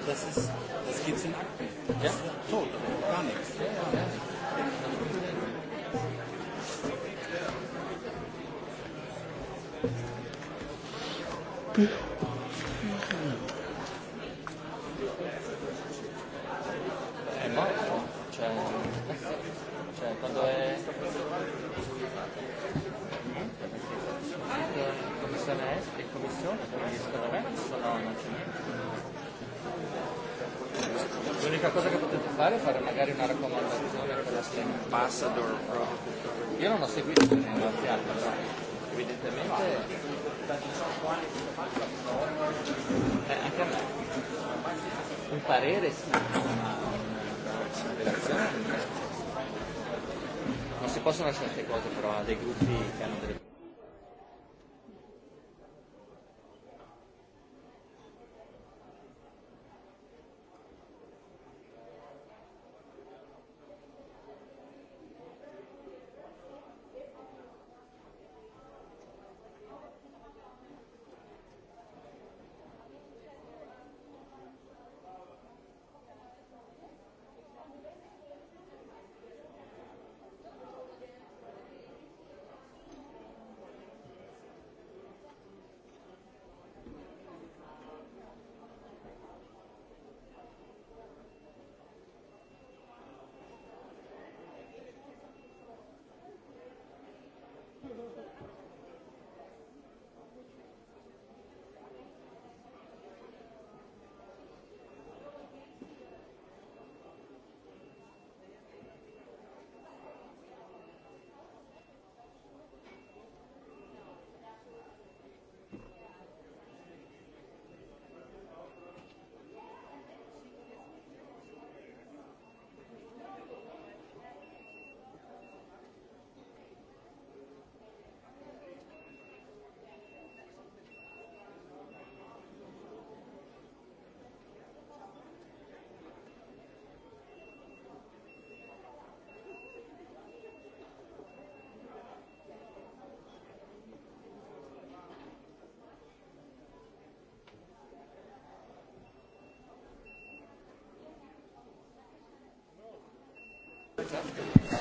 Das ist, das gibt's in Akten. Ja? Tot. Gar nichts. Ja, ja, ja. parere non si possono lasciare queste cose però a dei gruppi che hanno delle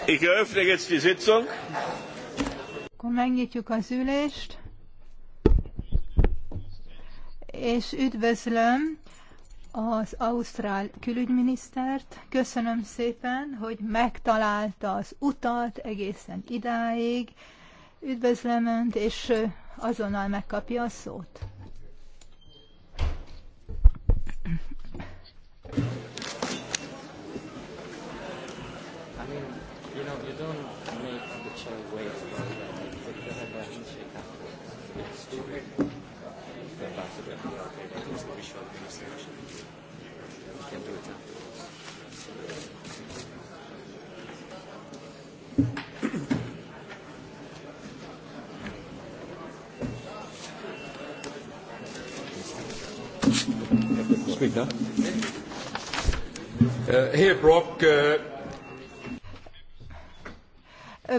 Ich eröffne jetzt die Sitzung. megnyitjuk az ülést, és üdvözlöm az Ausztrál külügyminisztert. Köszönöm szépen, hogy megtalálta az utat egészen idáig. Üdvözlöm Önt, és azonnal megkapja a szót.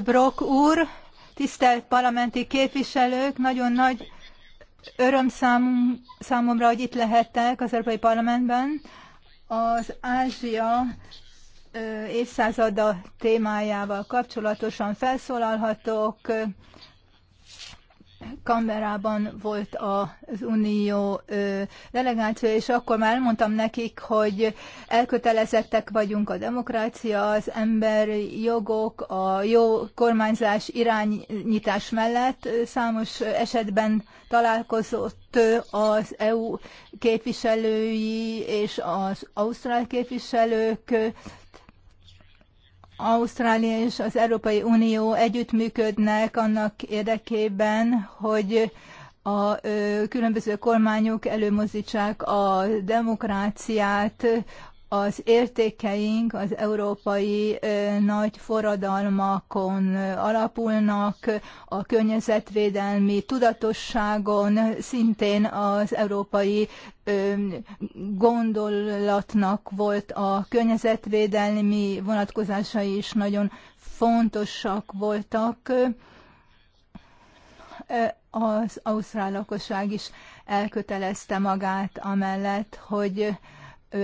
Brok úr, tisztelt parlamenti képviselők, nagyon nagy öröm számomra, hogy itt lehettek az Európai Parlamentben. Az Ázsia évszázada témájával kapcsolatosan felszólalhatok. Kamerában volt az Unió delegáció, és akkor már elmondtam nekik, hogy elkötelezettek vagyunk a demokrácia, az emberi jogok, a jó kormányzás irányítás mellett. Számos esetben találkozott az EU képviselői és az ausztrál képviselők Ausztrália és az Európai Unió együttműködnek annak érdekében, hogy a különböző kormányok előmozdítsák a demokráciát, az értékeink az európai nagy forradalmakon alapulnak, a környezetvédelmi tudatosságon, szintén az európai gondolatnak volt a környezetvédelmi vonatkozásai is nagyon fontosak voltak. Az ausztrál lakosság is elkötelezte magát amellett, hogy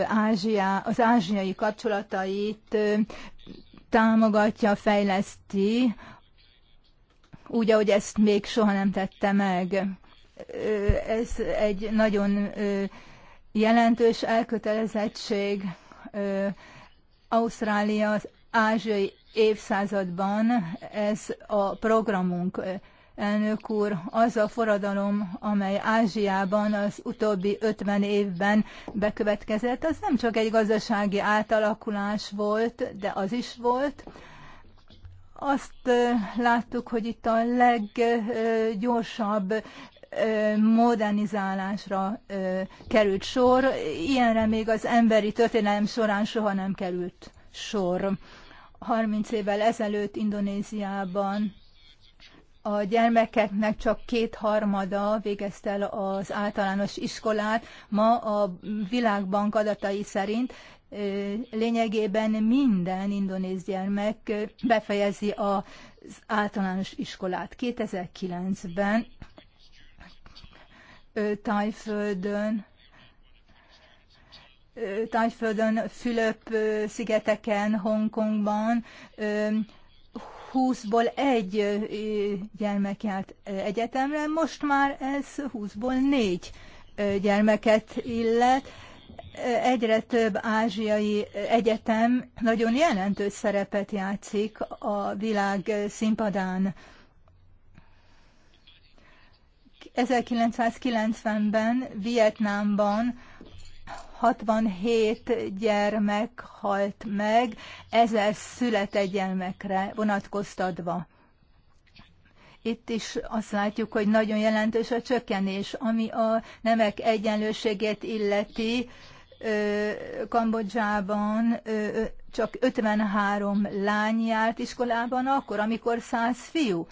Ázsia, az ázsiai kapcsolatait támogatja, fejleszti, úgy, ahogy ezt még soha nem tette meg. Ez egy nagyon jelentős elkötelezettség. Ausztrália az ázsiai évszázadban ez a programunk elnök úr, az a forradalom, amely Ázsiában az utóbbi 50 évben bekövetkezett, az nem csak egy gazdasági átalakulás volt, de az is volt. Azt láttuk, hogy itt a leggyorsabb modernizálásra került sor. Ilyenre még az emberi történelem során soha nem került sor. 30 évvel ezelőtt Indonéziában a gyermekeknek csak kétharmada végezte el az általános iskolát. Ma a Világbank adatai szerint lényegében minden indonéz gyermek befejezi az általános iskolát. 2009-ben Tájföldön Tájföldön, Fülöp-szigeteken, Hongkongban 20-ból egy gyermek járt egyetemre, most már ez 20-ból négy gyermeket illet. Egyre több ázsiai egyetem nagyon jelentős szerepet játszik a világ színpadán. 1990-ben Vietnámban 67 gyermek halt meg, ezer született gyermekre vonatkoztatva. Itt is azt látjuk, hogy nagyon jelentős a csökkenés, ami a nemek egyenlőségét illeti. Kambodzsában csak 53 lány járt iskolában akkor, amikor 100 fiú.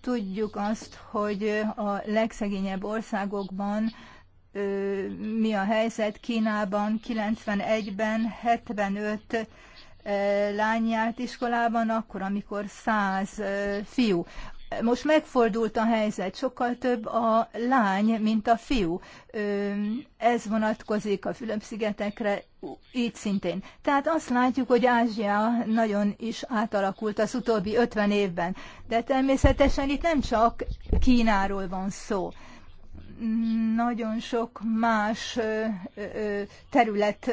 Tudjuk azt, hogy a legszegényebb országokban mi a helyzet Kínában 91-ben 75 lány járt iskolában, akkor, amikor 100 fiú. Most megfordult a helyzet, sokkal több a lány, mint a fiú. Ez vonatkozik a Fülöp-szigetekre, így szintén. Tehát azt látjuk, hogy Ázsia nagyon is átalakult az utóbbi 50 évben. De természetesen itt nem csak Kínáról van szó nagyon sok más terület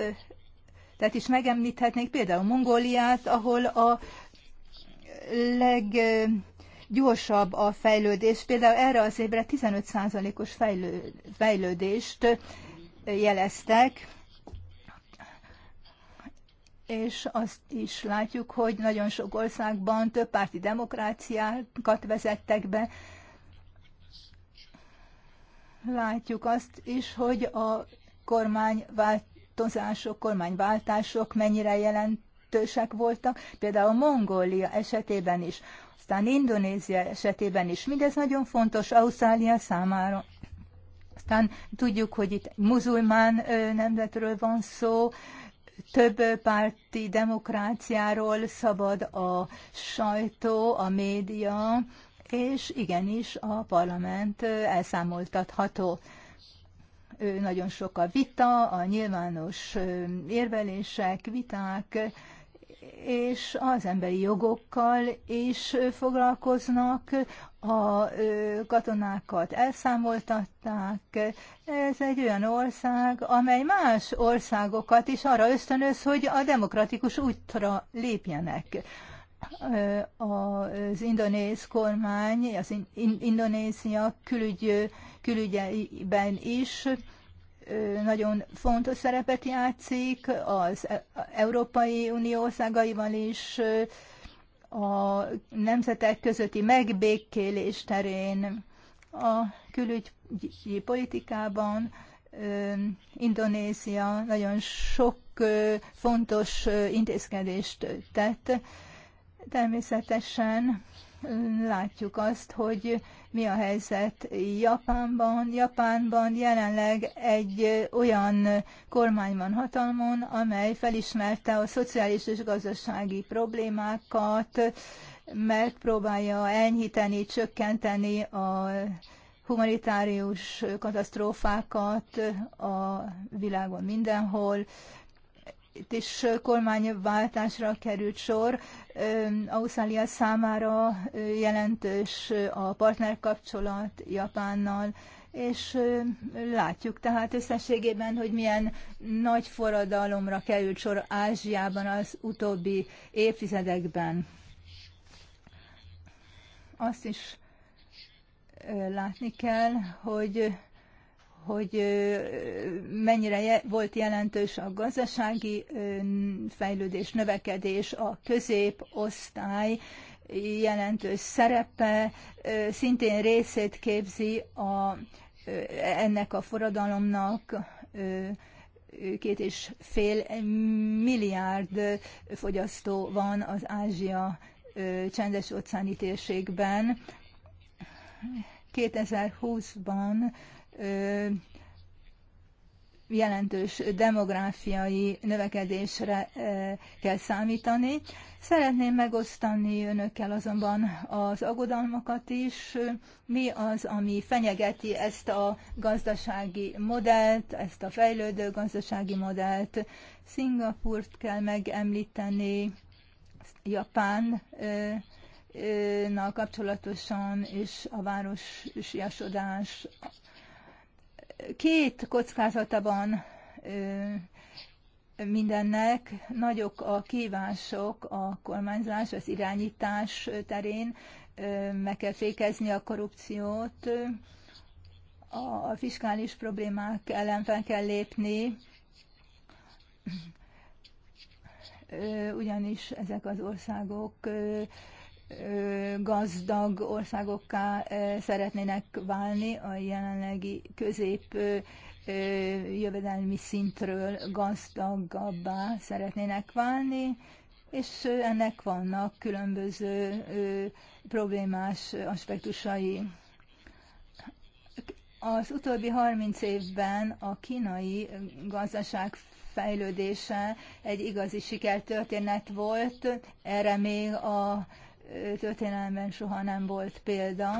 tehát is megemlíthetnék például Mongóliát, ahol a leggyorsabb a fejlődés. Például erre az évre 15%-os fejlő, fejlődést jeleztek, és azt is látjuk, hogy nagyon sok országban több párti demokráciákat vezettek be, látjuk azt is, hogy a kormányváltozások, kormányváltások mennyire jelentősek voltak, például Mongólia esetében is, aztán Indonézia esetében is. Mindez nagyon fontos Ausztrália számára. Aztán tudjuk, hogy itt muzulmán nemzetről van szó, több párti demokráciáról szabad a sajtó, a média, és igenis a parlament elszámoltatható. nagyon sok a vita, a nyilvános érvelések, viták, és az emberi jogokkal is foglalkoznak, a katonákat elszámoltatták. Ez egy olyan ország, amely más országokat is arra ösztönöz, hogy a demokratikus útra lépjenek az indonéz kormány, az Indonézia külügy, külügyeiben is nagyon fontos szerepet játszik, az e-, Európai Unió országaival is, a nemzetek közötti megbékélés terén, a külügyi politikában Indonézia nagyon sok fontos intézkedést tett, Természetesen hm, látjuk azt, hogy mi a helyzet Japánban. Japánban jelenleg egy olyan kormány van hatalmon, amely felismerte a szociális és gazdasági problémákat, megpróbálja enyhíteni, csökkenteni a humanitárius katasztrófákat a világon mindenhol, itt is kormányváltásra került sor. Ausztrália számára jelentős a partnerkapcsolat Japánnal, és látjuk tehát összességében, hogy milyen nagy forradalomra került sor Ázsiában az utóbbi évtizedekben. Azt is látni kell, hogy hogy mennyire volt jelentős a gazdasági fejlődés, növekedés, a középosztály jelentős szerepe szintén részét képzi a, ennek a forradalomnak, két és fél milliárd fogyasztó van az Ázsia csendes óceáni térségben. 2020-ban jelentős demográfiai növekedésre kell számítani. Szeretném megosztani önökkel azonban az aggodalmakat is. Mi az, ami fenyegeti ezt a gazdasági modellt, ezt a fejlődő gazdasági modellt? Szingapurt kell megemlíteni, Japán kapcsolatosan, és a városiasodás, Két kockázata van mindennek, nagyok a kívások a kormányzás, az irányítás terén, meg kell fékezni a korrupciót, a fiskális problémák ellen fel kell lépni, ugyanis ezek az országok gazdag országokká szeretnének válni a jelenlegi közép jövedelmi szintről gazdagabbá szeretnének válni, és ennek vannak különböző problémás aspektusai. Az utóbbi 30 évben a kínai gazdaság fejlődése egy igazi sikertörténet volt, erre még a történelemben soha nem volt példa,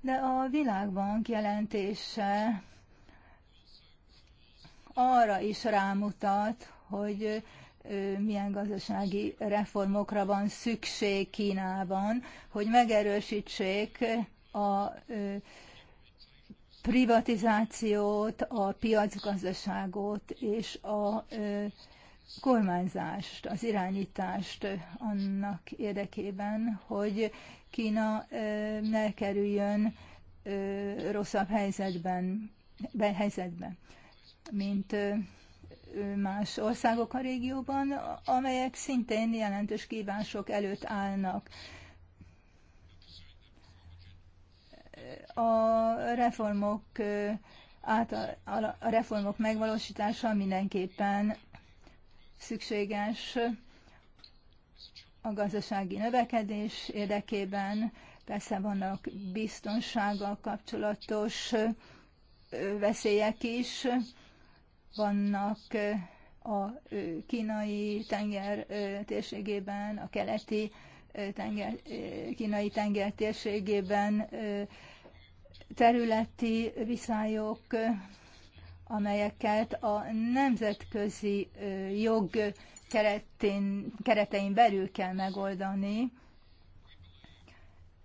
de a Világbank jelentése arra is rámutat, hogy milyen gazdasági reformokra van szükség Kínában, hogy megerősítsék a privatizációt, a piacgazdaságot és a kormányzást, az irányítást annak érdekében, hogy Kína ne kerüljön rosszabb helyzetben, be, helyzetbe, mint más országok a régióban, amelyek szintén jelentős kívások előtt állnak. A reformok, át, a reformok megvalósítása mindenképpen szükséges a gazdasági növekedés érdekében. Persze vannak biztonsággal kapcsolatos veszélyek is, vannak a kínai tenger térségében, a keleti tenger, kínai tenger térségében területi viszályok, amelyeket a nemzetközi jog keretén, keretein belül kell megoldani.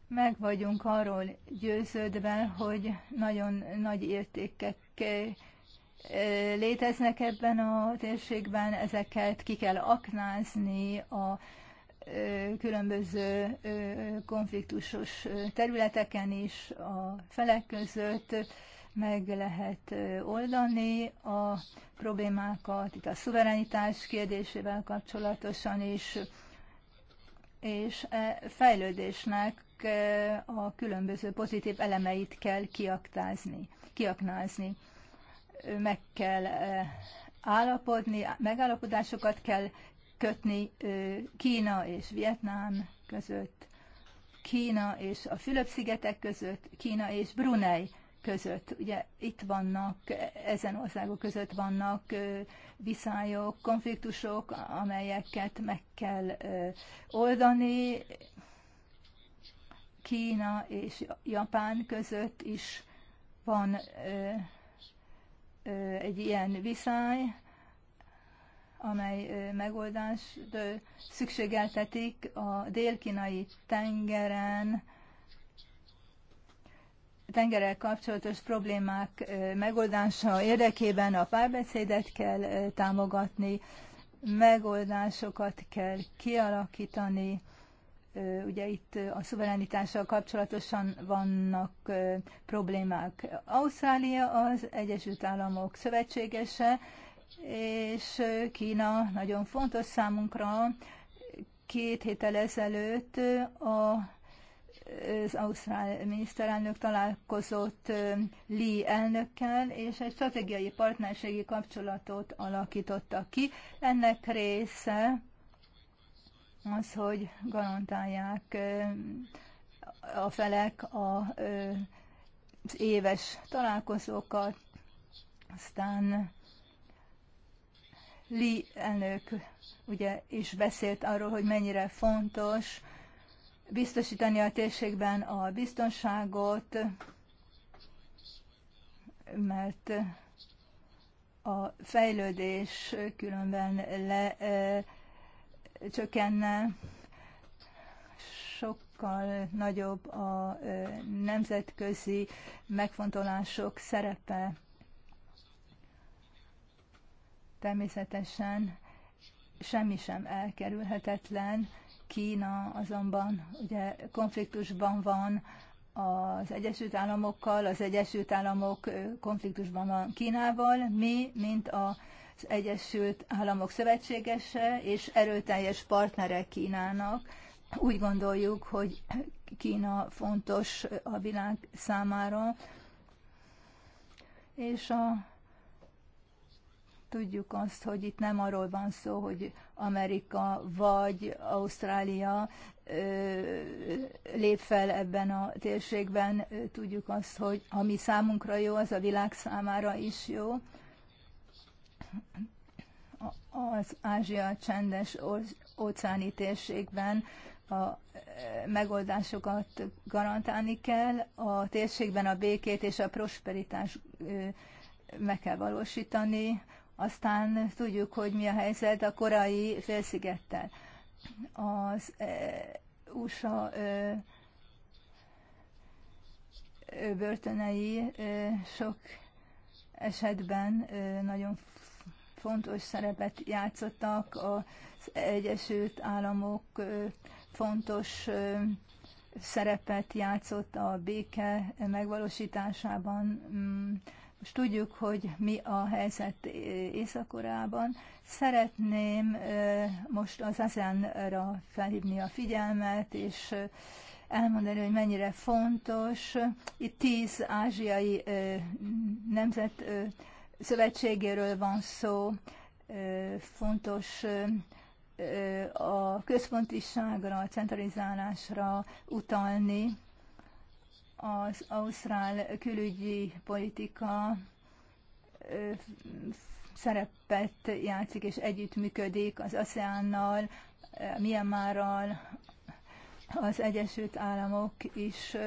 Meg vagyunk arról győződve, hogy nagyon nagy értékek léteznek ebben a térségben, ezeket ki kell aknázni a különböző konfliktusos területeken is a felek között meg lehet oldani a problémákat, itt a szuverenitás kérdésével kapcsolatosan is, és e fejlődésnek a különböző pozitív elemeit kell kiaktázni, kiaknázni. Meg kell állapodni, megállapodásokat kell kötni Kína és Vietnám között, Kína és a Fülöp-szigetek között, Kína és Brunei között. Ugye itt vannak, ezen országok között vannak viszályok, konfliktusok, amelyeket meg kell oldani. Kína és Japán között is van egy ilyen viszály, amely megoldást szükségeltetik a dél-kínai tengeren, tengerrel kapcsolatos problémák megoldása érdekében a párbeszédet kell támogatni, megoldásokat kell kialakítani. Ugye itt a szuverenitással kapcsolatosan vannak problémák. Ausztrália az Egyesült Államok szövetségese, és Kína nagyon fontos számunkra. Két héttel ezelőtt a az ausztrál miniszterelnök találkozott Lee elnökkel, és egy stratégiai partnerségi kapcsolatot alakítottak ki. Ennek része az, hogy garantálják a felek az éves találkozókat, aztán Lee elnök ugye is beszélt arról, hogy mennyire fontos biztosítani a térségben a biztonságot, mert a fejlődés különben le, csökkenne, sokkal nagyobb a nemzetközi megfontolások szerepe. Természetesen semmi sem elkerülhetetlen, Kína azonban ugye konfliktusban van az Egyesült Államokkal, az Egyesült Államok konfliktusban van Kínával, mi, mint az Egyesült Államok szövetségese és erőteljes partnere Kínának, úgy gondoljuk, hogy Kína fontos a világ számára, és a Tudjuk azt, hogy itt nem arról van szó, hogy Amerika vagy Ausztrália lép fel ebben a térségben. Tudjuk azt, hogy ami számunkra jó, az a világ számára is jó. Az Ázsia csendes óceáni térségben a megoldásokat garantálni kell, a térségben a békét és a prosperitást meg kell valósítani, aztán tudjuk, hogy mi a helyzet a korai félszigettel. Az e, USA e, e, börtönei sok esetben nagyon fontos szerepet játszottak, az Egyesült Államok fontos szerepet játszott a béke megvalósításában, mm, most tudjuk, hogy mi a helyzet Észak-Koreában. Szeretném most az ASEAN-ra felhívni a figyelmet, és elmondani, hogy mennyire fontos. Itt tíz ázsiai nemzet szövetségéről van szó, fontos a központiságra, a centralizálásra utalni az ausztrál külügyi politika szerepet játszik és együttműködik az ASEAN-nal, Myanmarral, az Egyesült Államok is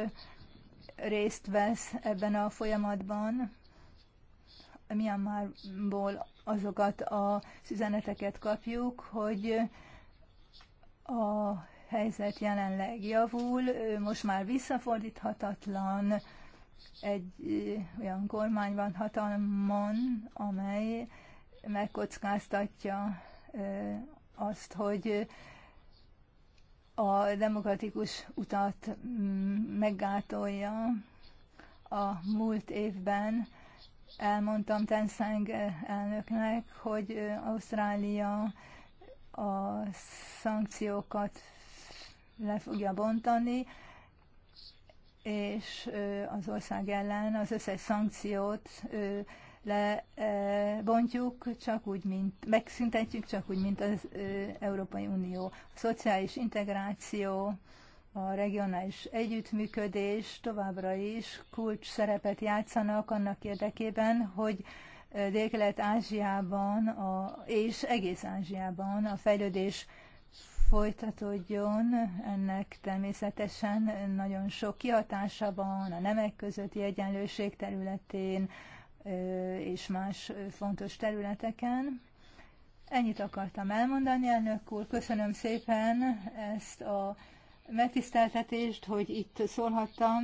részt vesz ebben a folyamatban. Myanmarból azokat az üzeneteket kapjuk, hogy a helyzet jelenleg javul, most már visszafordíthatatlan, egy olyan kormány van hatalmon, amely megkockáztatja azt, hogy a demokratikus utat mm, meggátolja. A múlt évben elmondtam Tenszeng elnöknek, hogy Ausztrália a szankciókat le fogja bontani, és az ország ellen az összes szankciót lebontjuk, csak úgy, mint megszüntetjük, csak úgy, mint az Európai Unió. A szociális integráció, a regionális együttműködés továbbra is kulcs szerepet játszanak annak érdekében, hogy Délkelet-Ázsiában és egész Ázsiában a fejlődés folytatódjon. Ennek természetesen nagyon sok kihatása van a nemek közötti egyenlőség területén és más fontos területeken. Ennyit akartam elmondani, elnök úr. Köszönöm szépen ezt a megtiszteltetést, hogy itt szólhattam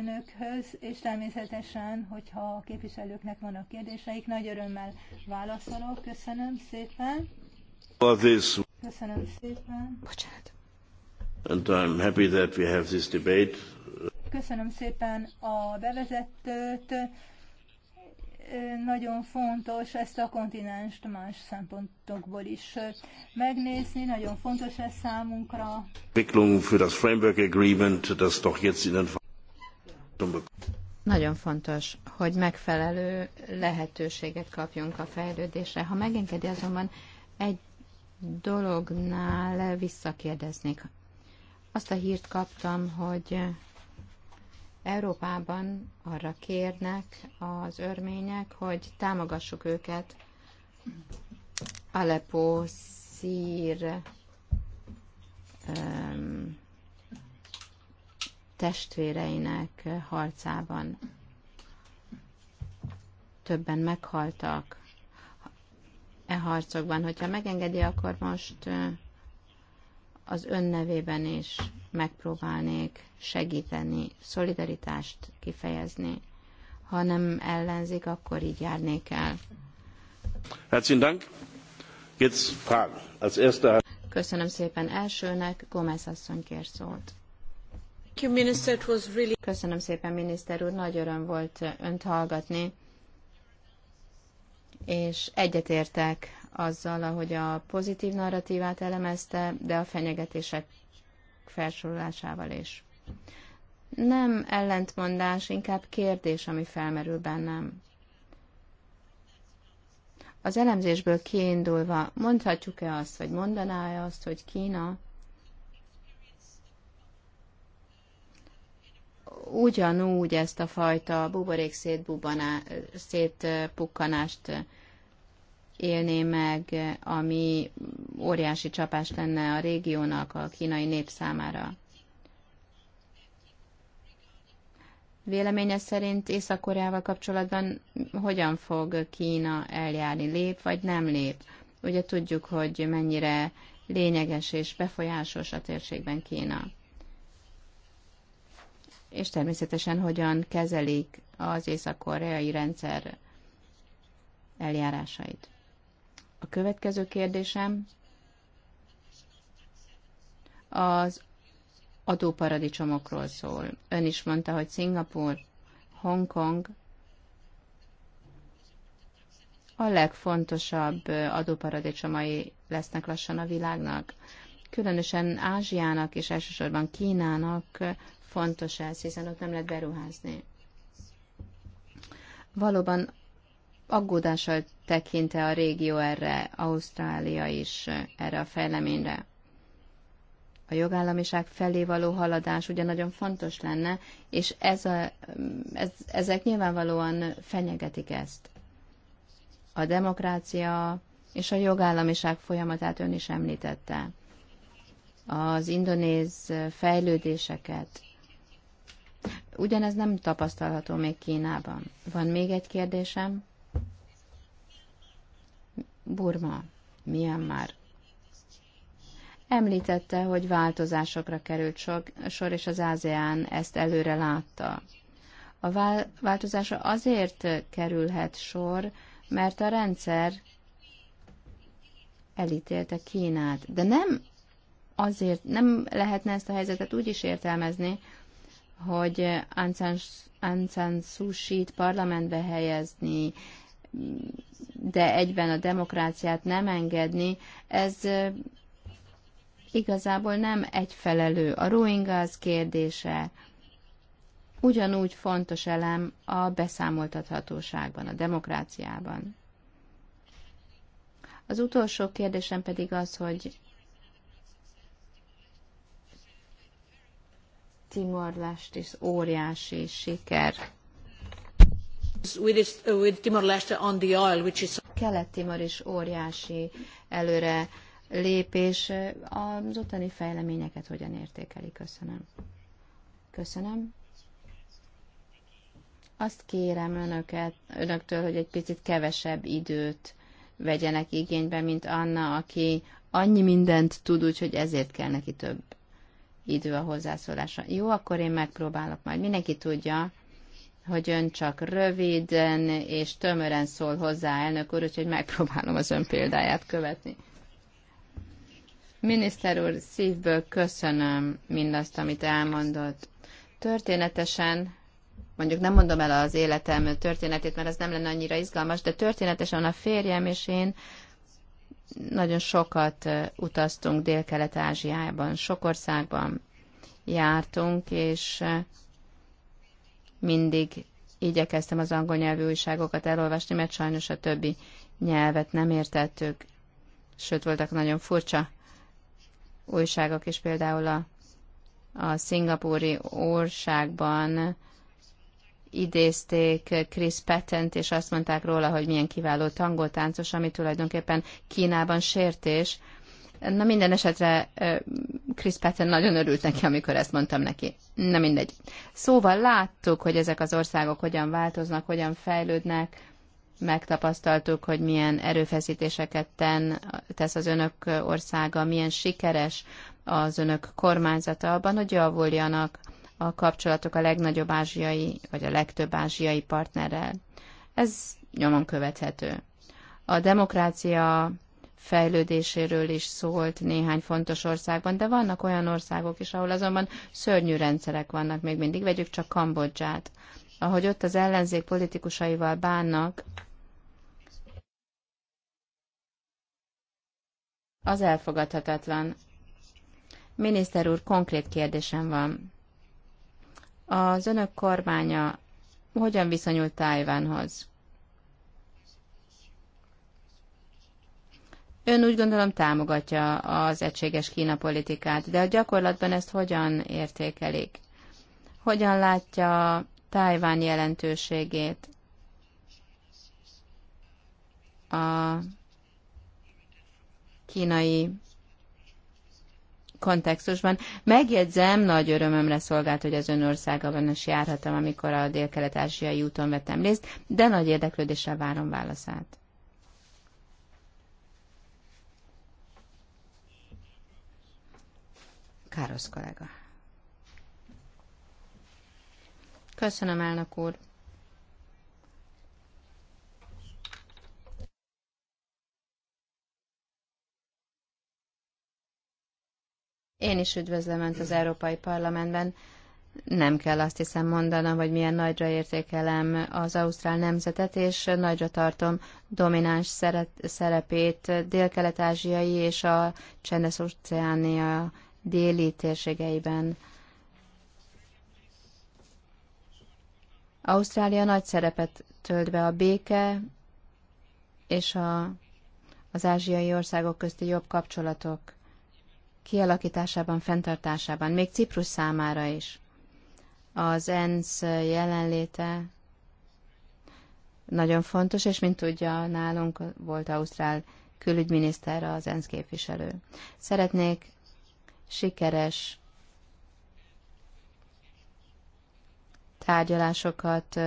önökhöz, és természetesen, hogyha a képviselőknek vannak kérdéseik, nagy örömmel válaszolok. Köszönöm szépen. Köszönöm szépen. Bocsánat. And I'm happy that we have this debate. Köszönöm szépen a bevezetőt. Nagyon fontos ezt a kontinenst más szempontokból is megnézni, nagyon fontos ez számunkra. für das Framework Agreement, das doch jetzt in nagyon fontos, hogy megfelelő lehetőséget kapjunk a fejlődésre. Ha megengedi azonban, egy dolognál visszakérdeznék. Azt a hírt kaptam, hogy Európában arra kérnek az örmények, hogy támogassuk őket Aleppo szír um, testvéreinek harcában. Többen meghaltak, e harcokban. Hogyha megengedi, akkor most az ön nevében is megpróbálnék segíteni, szolidaritást kifejezni. Ha nem ellenzik, akkor így járnék el. Herzlichen Dank. Jetzt Fragen. Als erste. Köszönöm szépen elsőnek, Gomez asszony kér szólt. Köszönöm szépen, miniszter úr, nagy öröm volt önt hallgatni és egyetértek azzal, ahogy a pozitív narratívát elemezte, de a fenyegetések felsorolásával is. Nem ellentmondás, inkább kérdés, ami felmerül bennem. Az elemzésből kiindulva mondhatjuk-e azt, vagy mondaná-e azt, hogy Kína ugyanúgy ezt a fajta buborék szétpukkanást élné meg, ami óriási csapás lenne a régiónak, a kínai nép számára. Véleménye szerint Észak-Koreával kapcsolatban hogyan fog Kína eljárni? Lép vagy nem lép? Ugye tudjuk, hogy mennyire lényeges és befolyásos a térségben Kína. És természetesen hogyan kezelik az észak-koreai rendszer eljárásait. A következő kérdésem az adóparadicsomokról szól. Ön is mondta, hogy Szingapur, Hongkong a legfontosabb adóparadicsomai lesznek lassan a világnak. Különösen Ázsiának és elsősorban Kínának fontos ez, hiszen ott nem lehet beruházni. Valóban aggódással tekinte a régió erre, Ausztrália is erre a fejleményre. A jogállamiság felé való haladás ugye nagyon fontos lenne, és ez a, ez, ezek nyilvánvalóan fenyegetik ezt. A demokrácia és a jogállamiság folyamatát ön is említette. Az indonéz fejlődéseket, Ugyanez nem tapasztalható még Kínában. Van még egy kérdésem? Burma, Myanmar. Említette, hogy változásokra került sok, sor, és az ASEAN ezt előre látta. A változása azért kerülhet sor, mert a rendszer elítélte Kínát. De nem azért, nem lehetne ezt a helyzetet úgy is értelmezni, hogy Aung San Suu t parlamentbe helyezni, de egyben a demokráciát nem engedni, ez igazából nem egyfelelő. A Rohingyaz kérdése ugyanúgy fontos elem a beszámoltathatóságban, a demokráciában. Az utolsó kérdésem pedig az, hogy Timor-Lest is óriási siker Kelet-Timor uh, is óriási előre lépés. Az ottani fejleményeket hogyan értékeli? Köszönöm. Köszönöm. Azt kérem önöket, önöktől, hogy egy picit kevesebb időt vegyenek igénybe, mint Anna, aki annyi mindent tud, úgyhogy ezért kell neki több idő a hozzászólásra. Jó, akkor én megpróbálok majd. Mindenki tudja, hogy ön csak röviden és tömören szól hozzá, elnök úr, úgyhogy megpróbálom az ön példáját követni. Miniszter úr, szívből köszönöm mindazt, amit elmondott. Történetesen, mondjuk nem mondom el az életem történetét, mert az nem lenne annyira izgalmas, de történetesen a férjem és én nagyon sokat utaztunk Dél-Kelet-Ázsiában, sok országban jártunk, és mindig igyekeztem az angol nyelvű újságokat elolvasni, mert sajnos a többi nyelvet nem értettük. Sőt, voltak nagyon furcsa újságok is, például a, a szingapúri országban idézték Chris Pattent, és azt mondták róla, hogy milyen kiváló tangótáncos, ami tulajdonképpen Kínában sértés, Na minden esetre Chris Patton nagyon örült neki, amikor ezt mondtam neki. Na mindegy. Szóval láttuk, hogy ezek az országok hogyan változnak, hogyan fejlődnek, megtapasztaltuk, hogy milyen erőfeszítéseket ten, tesz az önök országa, milyen sikeres az önök kormányzata abban, hogy javuljanak a kapcsolatok a legnagyobb ázsiai, vagy a legtöbb ázsiai partnerrel. Ez nyomon követhető. A demokrácia fejlődéséről is szólt néhány fontos országban, de vannak olyan országok is, ahol azonban szörnyű rendszerek vannak még mindig. Vegyük csak Kambodzsát. Ahogy ott az ellenzék politikusaival bánnak, az elfogadhatatlan. Miniszter úr, konkrét kérdésem van. Az önök kormánya hogyan viszonyult Tájvánhoz? Ön úgy gondolom támogatja az egységes Kína politikát, de a gyakorlatban ezt hogyan értékelik? Hogyan látja Tájván jelentőségét a kínai kontextusban. Megjegyzem, nagy örömömre szolgált, hogy az ön országában is járhattam, amikor a dél-kelet-ázsiai úton vettem részt, de nagy érdeklődéssel várom válaszát. Károsz kollega. Köszönöm, elnök úr. Én is üdvözlöm Önt az Európai Parlamentben. Nem kell azt hiszem mondanom, hogy milyen nagyra értékelem az ausztrál nemzetet, és nagyra tartom domináns szerepét dél-kelet-ázsiai és a csendes óceánia déli térségeiben. Ausztrália nagy szerepet tölt be a béke és a, az ázsiai országok közti jobb kapcsolatok kialakításában, fenntartásában, még Ciprus számára is. Az ENSZ jelenléte nagyon fontos, és mint tudja, nálunk volt Ausztrál külügyminiszter, az ENSZ képviselő. Szeretnék sikeres tárgyalásokat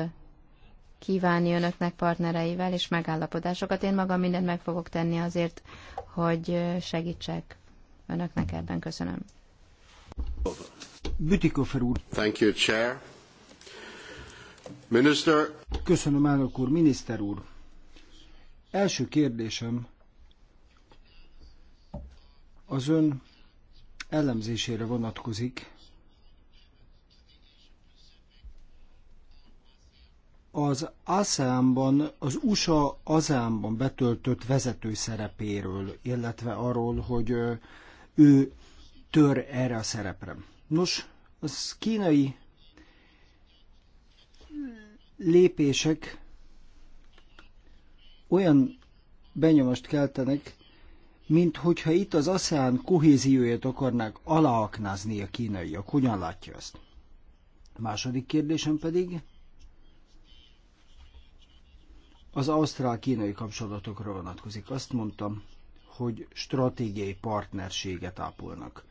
kívánni önöknek partnereivel, és megállapodásokat. Én magam mindent meg fogok tenni azért, hogy segítsek önöknek ebben. Köszönöm. Bütikofer úr. Thank you, Chair. Minister. Köszönöm, elnök úr. Miniszter úr. Első kérdésem az ön elemzésére vonatkozik. Az ASEAN-ban, az USA ASEAN-ban betöltött vezető szerepéről, illetve arról, hogy ő tör erre a szerepre. Nos, az kínai lépések olyan benyomást keltenek, mint hogyha itt az ASEAN kohézióját akarnák aláaknázni a kínaiak. Hogyan látja ezt? A második kérdésem pedig az ausztrál-kínai kapcsolatokra vonatkozik. Azt mondtam, hogy stratégiai partnerséget ápolnak.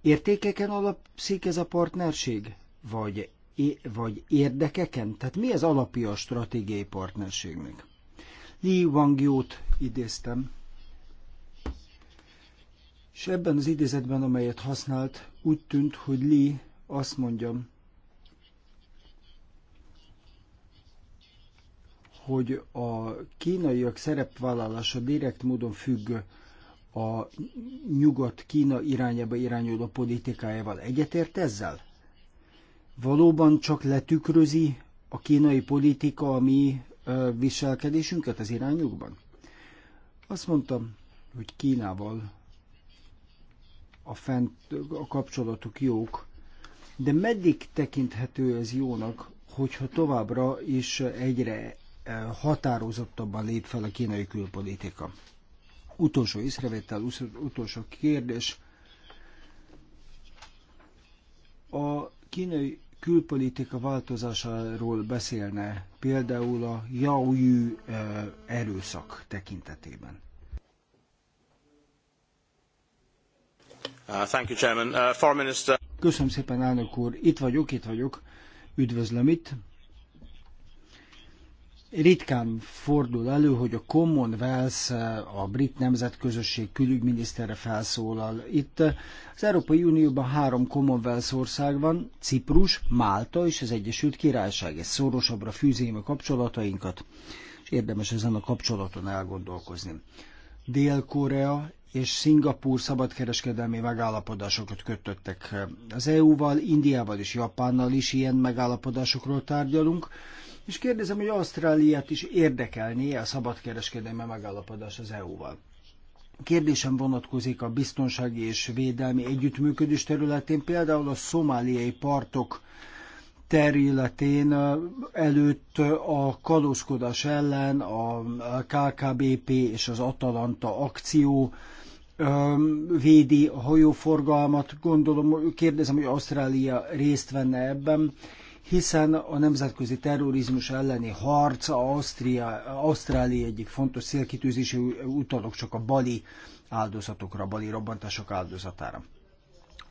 Értékeken alapszik ez a partnerség? Vagy, vagy érdekeken? Tehát mi az alapja a stratégiai partnerségnek? Li Wang idéztem, és ebben az idézetben, amelyet használt, úgy tűnt, hogy Lee azt mondja, hogy a kínaiak szerepvállalása direkt módon függ a nyugat-kína irányába irányuló politikájával. Egyetért ezzel? Valóban csak letükrözi a kínai politika a mi viselkedésünket az irányukban? Azt mondtam, hogy Kínával a, fent, a kapcsolatok jók, de meddig tekinthető ez jónak, hogyha továbbra is egyre eh, határozottabban lép fel a kínai külpolitika? Utolsó észrevétel, utolsó kérdés. A kínai külpolitika változásáról beszélne, például a Yaoyu eh, erőszak tekintetében. Uh, uh, Köszönöm szépen, elnök úr. Itt vagyok, itt vagyok. Üdvözlöm itt. Ritkán fordul elő, hogy a Commonwealth, a brit nemzetközösség külügyminisztere felszólal. Itt az Európai Unióban három Commonwealth ország van, Ciprus, Málta és az Egyesült Királyság. Ez szorosabbra fűzi a kapcsolatainkat, és érdemes ezen a kapcsolaton elgondolkozni. Dél-Korea és Szingapúr szabadkereskedelmi megállapodásokat kötöttek. Az EU-val, Indiával és Japánnal is ilyen megállapodásokról tárgyalunk, és kérdezem, hogy Ausztráliát is érdekelné a szabadkereskedelmi megállapodás az EU-val. Kérdésem vonatkozik a biztonsági és védelmi együttműködés területén, például a szomáliai partok területén előtt a kalózkodás ellen a KKBP és az Atalanta akció védi a hajóforgalmat. Gondolom, kérdezem, hogy Ausztrália részt venne ebben, hiszen a nemzetközi terrorizmus elleni harc Ausztria, Ausztrália egyik fontos célkitűzése, utalok csak a bali áldozatokra, a bali robbantások áldozatára.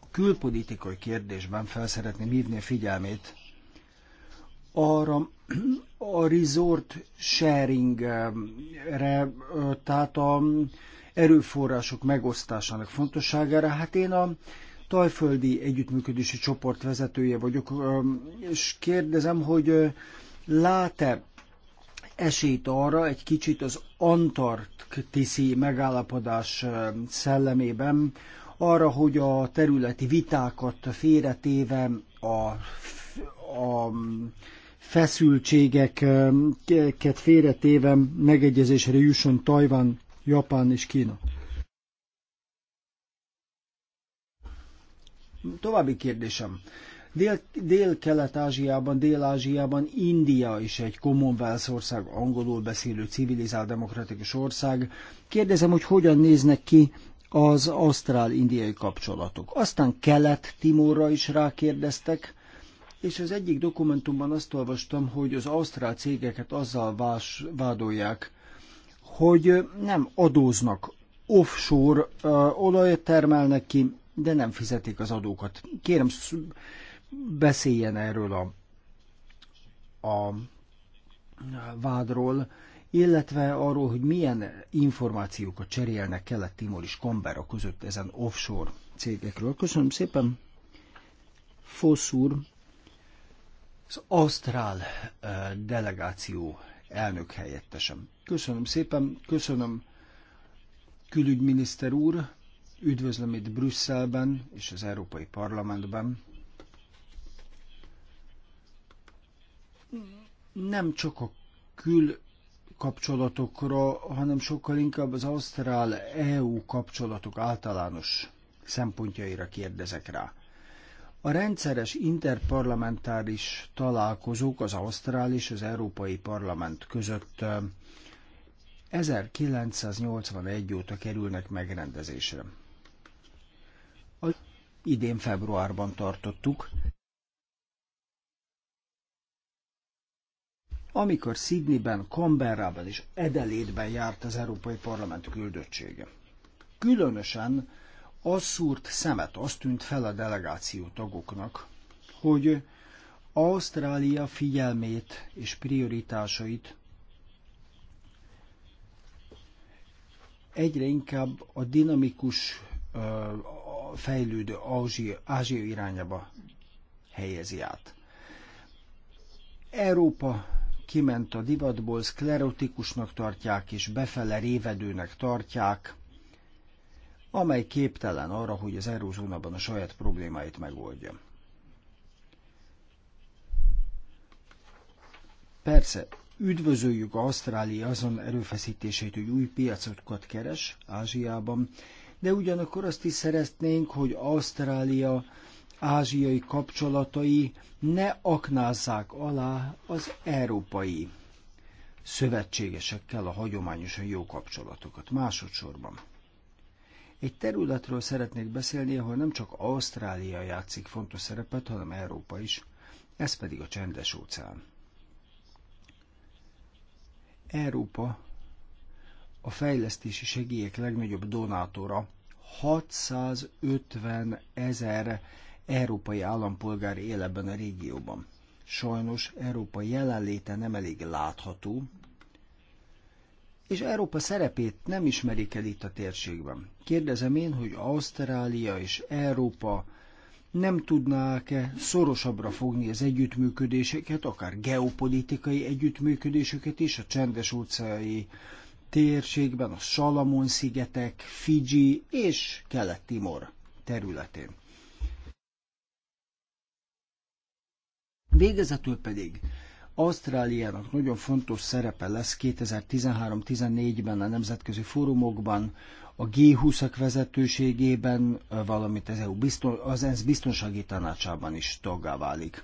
A külpolitikai kérdésben felszeretném hívni a figyelmét arra a resort sharingre, tehát a erőforrások megosztásának fontosságára. Hát én a tajföldi együttműködési csoport vezetője vagyok, és kérdezem, hogy lát-e esélyt arra egy kicsit az antarktiszi megállapodás szellemében, arra, hogy a területi vitákat félretéve a, a feszültségeket félretéve megegyezésre jusson Tajvan Japán és Kína. További kérdésem. Dél-Kelet-Ázsiában, Dél Dél-Ázsiában India is egy Commonwealth ország, angolul beszélő civilizált demokratikus ország. Kérdezem, hogy hogyan néznek ki az ausztrál-indiai kapcsolatok. Aztán Kelet-Timorra is rákérdeztek, és az egyik dokumentumban azt olvastam, hogy az ausztrál cégeket azzal vás, vádolják, hogy nem adóznak, offshore olajat termelnek ki, de nem fizetik az adókat. Kérem, beszéljen erről a, a vádról, illetve arról, hogy milyen információkat cserélnek Kelet-Timor és Kambera között ezen offshore cégekről. Köszönöm szépen, Fosz úr, az Ausztrál delegáció elnök helyettesem. Köszönöm szépen, köszönöm külügyminiszter úr, üdvözlöm itt Brüsszelben és az Európai Parlamentben. Nem csak a kül kapcsolatokra, hanem sokkal inkább az Ausztrál-EU kapcsolatok általános szempontjaira kérdezek rá. A rendszeres interparlamentáris találkozók az Ausztrál és az Európai Parlament között 1981 óta kerülnek megrendezésre. A idén februárban tartottuk, amikor Sydneyben, Canberrában és Edelétben járt az Európai Parlament küldöttsége. Különösen az szúrt szemet, azt tűnt fel a delegáció tagoknak, hogy Ausztrália figyelmét és prioritásait egyre inkább a dinamikus fejlődő Ázsia, Ázsia irányába helyezi át. Európa kiment a divatból, szklerotikusnak tartják és befele révedőnek tartják, amely képtelen arra, hogy az eurózónában a saját problémáit megoldja. Persze, Üdvözöljük Ausztrália azon erőfeszítését, hogy új piacokat keres Ázsiában, de ugyanakkor azt is szeretnénk, hogy Ausztrália ázsiai kapcsolatai ne aknázzák alá az európai szövetségesekkel a hagyományosan jó kapcsolatokat. Másodszorban. Egy területről szeretnék beszélni, ahol nem csak Ausztrália játszik fontos szerepet, hanem Európa is, ez pedig a csendes óceán. Európa a fejlesztési segélyek legnagyobb donátora. 650 ezer európai állampolgár él ebben a régióban. Sajnos Európa jelenléte nem elég látható, és Európa szerepét nem ismerik el itt a térségben. Kérdezem én, hogy Ausztrália és Európa nem tudnák-e szorosabbra fogni az együttműködéseket, akár geopolitikai együttműködéseket is a csendes óceáni térségben, a Salamon-szigetek, Fidzsi és Kelet-Timor területén. Végezetül pedig Ausztráliának nagyon fontos szerepe lesz 2013-14-ben a nemzetközi fórumokban, a G20-ak vezetőségében, valamint az, EU bizton, az ENSZ biztonsági tanácsában is taggá válik.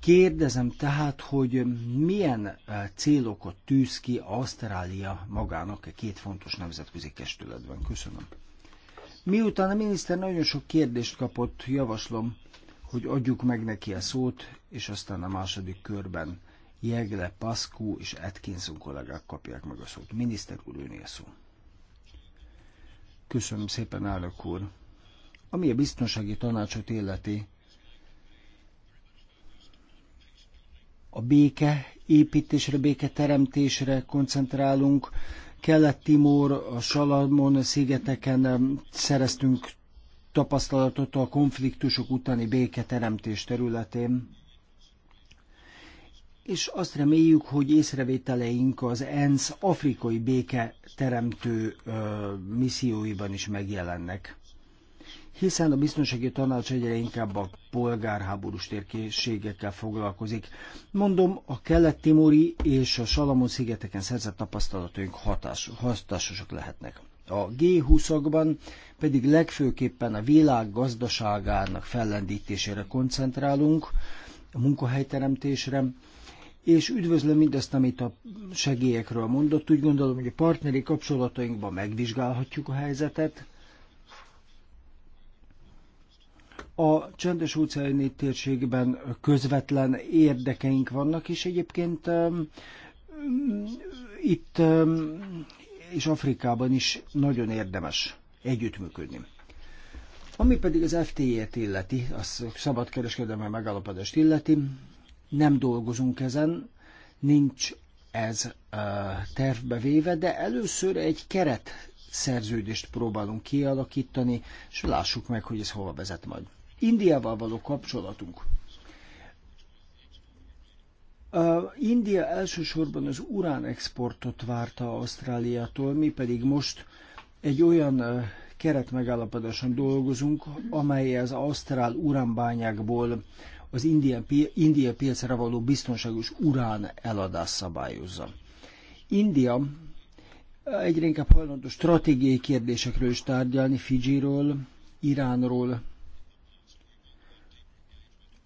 Kérdezem tehát, hogy milyen célokat tűz ki Ausztrália magának a e két fontos nemzetközi testületben. Köszönöm. Miután a miniszter nagyon sok kérdést kapott, javaslom, hogy adjuk meg neki a szót, és aztán a második körben Jegle, Pascu és Atkinson kollégák kapják meg a szót. Miniszter úr, a szó. Köszönöm szépen, Állok úr. Ami a biztonsági tanácsot illeti, a béke építésre, béke teremtésre koncentrálunk. Kelet-Timor, a Salamon szigeteken szereztünk tapasztalatot a konfliktusok utáni béke teremtés területén és azt reméljük, hogy észrevételeink az ENSZ afrikai béke teremtő ö, misszióiban is megjelennek. Hiszen a biztonsági tanács egyre inkább a polgárháborús térkészségekkel foglalkozik. Mondom, a kelet-timori és a Salamon-szigeteken szerzett tapasztalataink hatásosak lehetnek. A G20-akban pedig legfőképpen a világ gazdaságának fellendítésére koncentrálunk, a munkahelyteremtésre, és üdvözlöm mindazt, amit a segélyekről mondott. Úgy gondolom, hogy a partneri kapcsolatainkban megvizsgálhatjuk a helyzetet. A csendes óceáni térségben közvetlen érdekeink vannak, és egyébként um, um itt um, és Afrikában is nagyon érdemes együttműködni. Ami pedig az fta et illeti, az szabadkereskedelmi megállapodást illeti, nem dolgozunk ezen, nincs ez tervbe véve, de először egy keret szerződést próbálunk kialakítani, és lássuk meg, hogy ez hova vezet majd. Indiával való kapcsolatunk. A India elsősorban az uránexportot várta Ausztráliától, mi pedig most egy olyan keretmegállapodáson dolgozunk, amely az ausztrál uránbányákból az India, India piacra való biztonságos urán eladás szabályozza. India egyre inkább hajlandó stratégiai kérdésekről is tárgyalni, Fidzsiről, Iránról,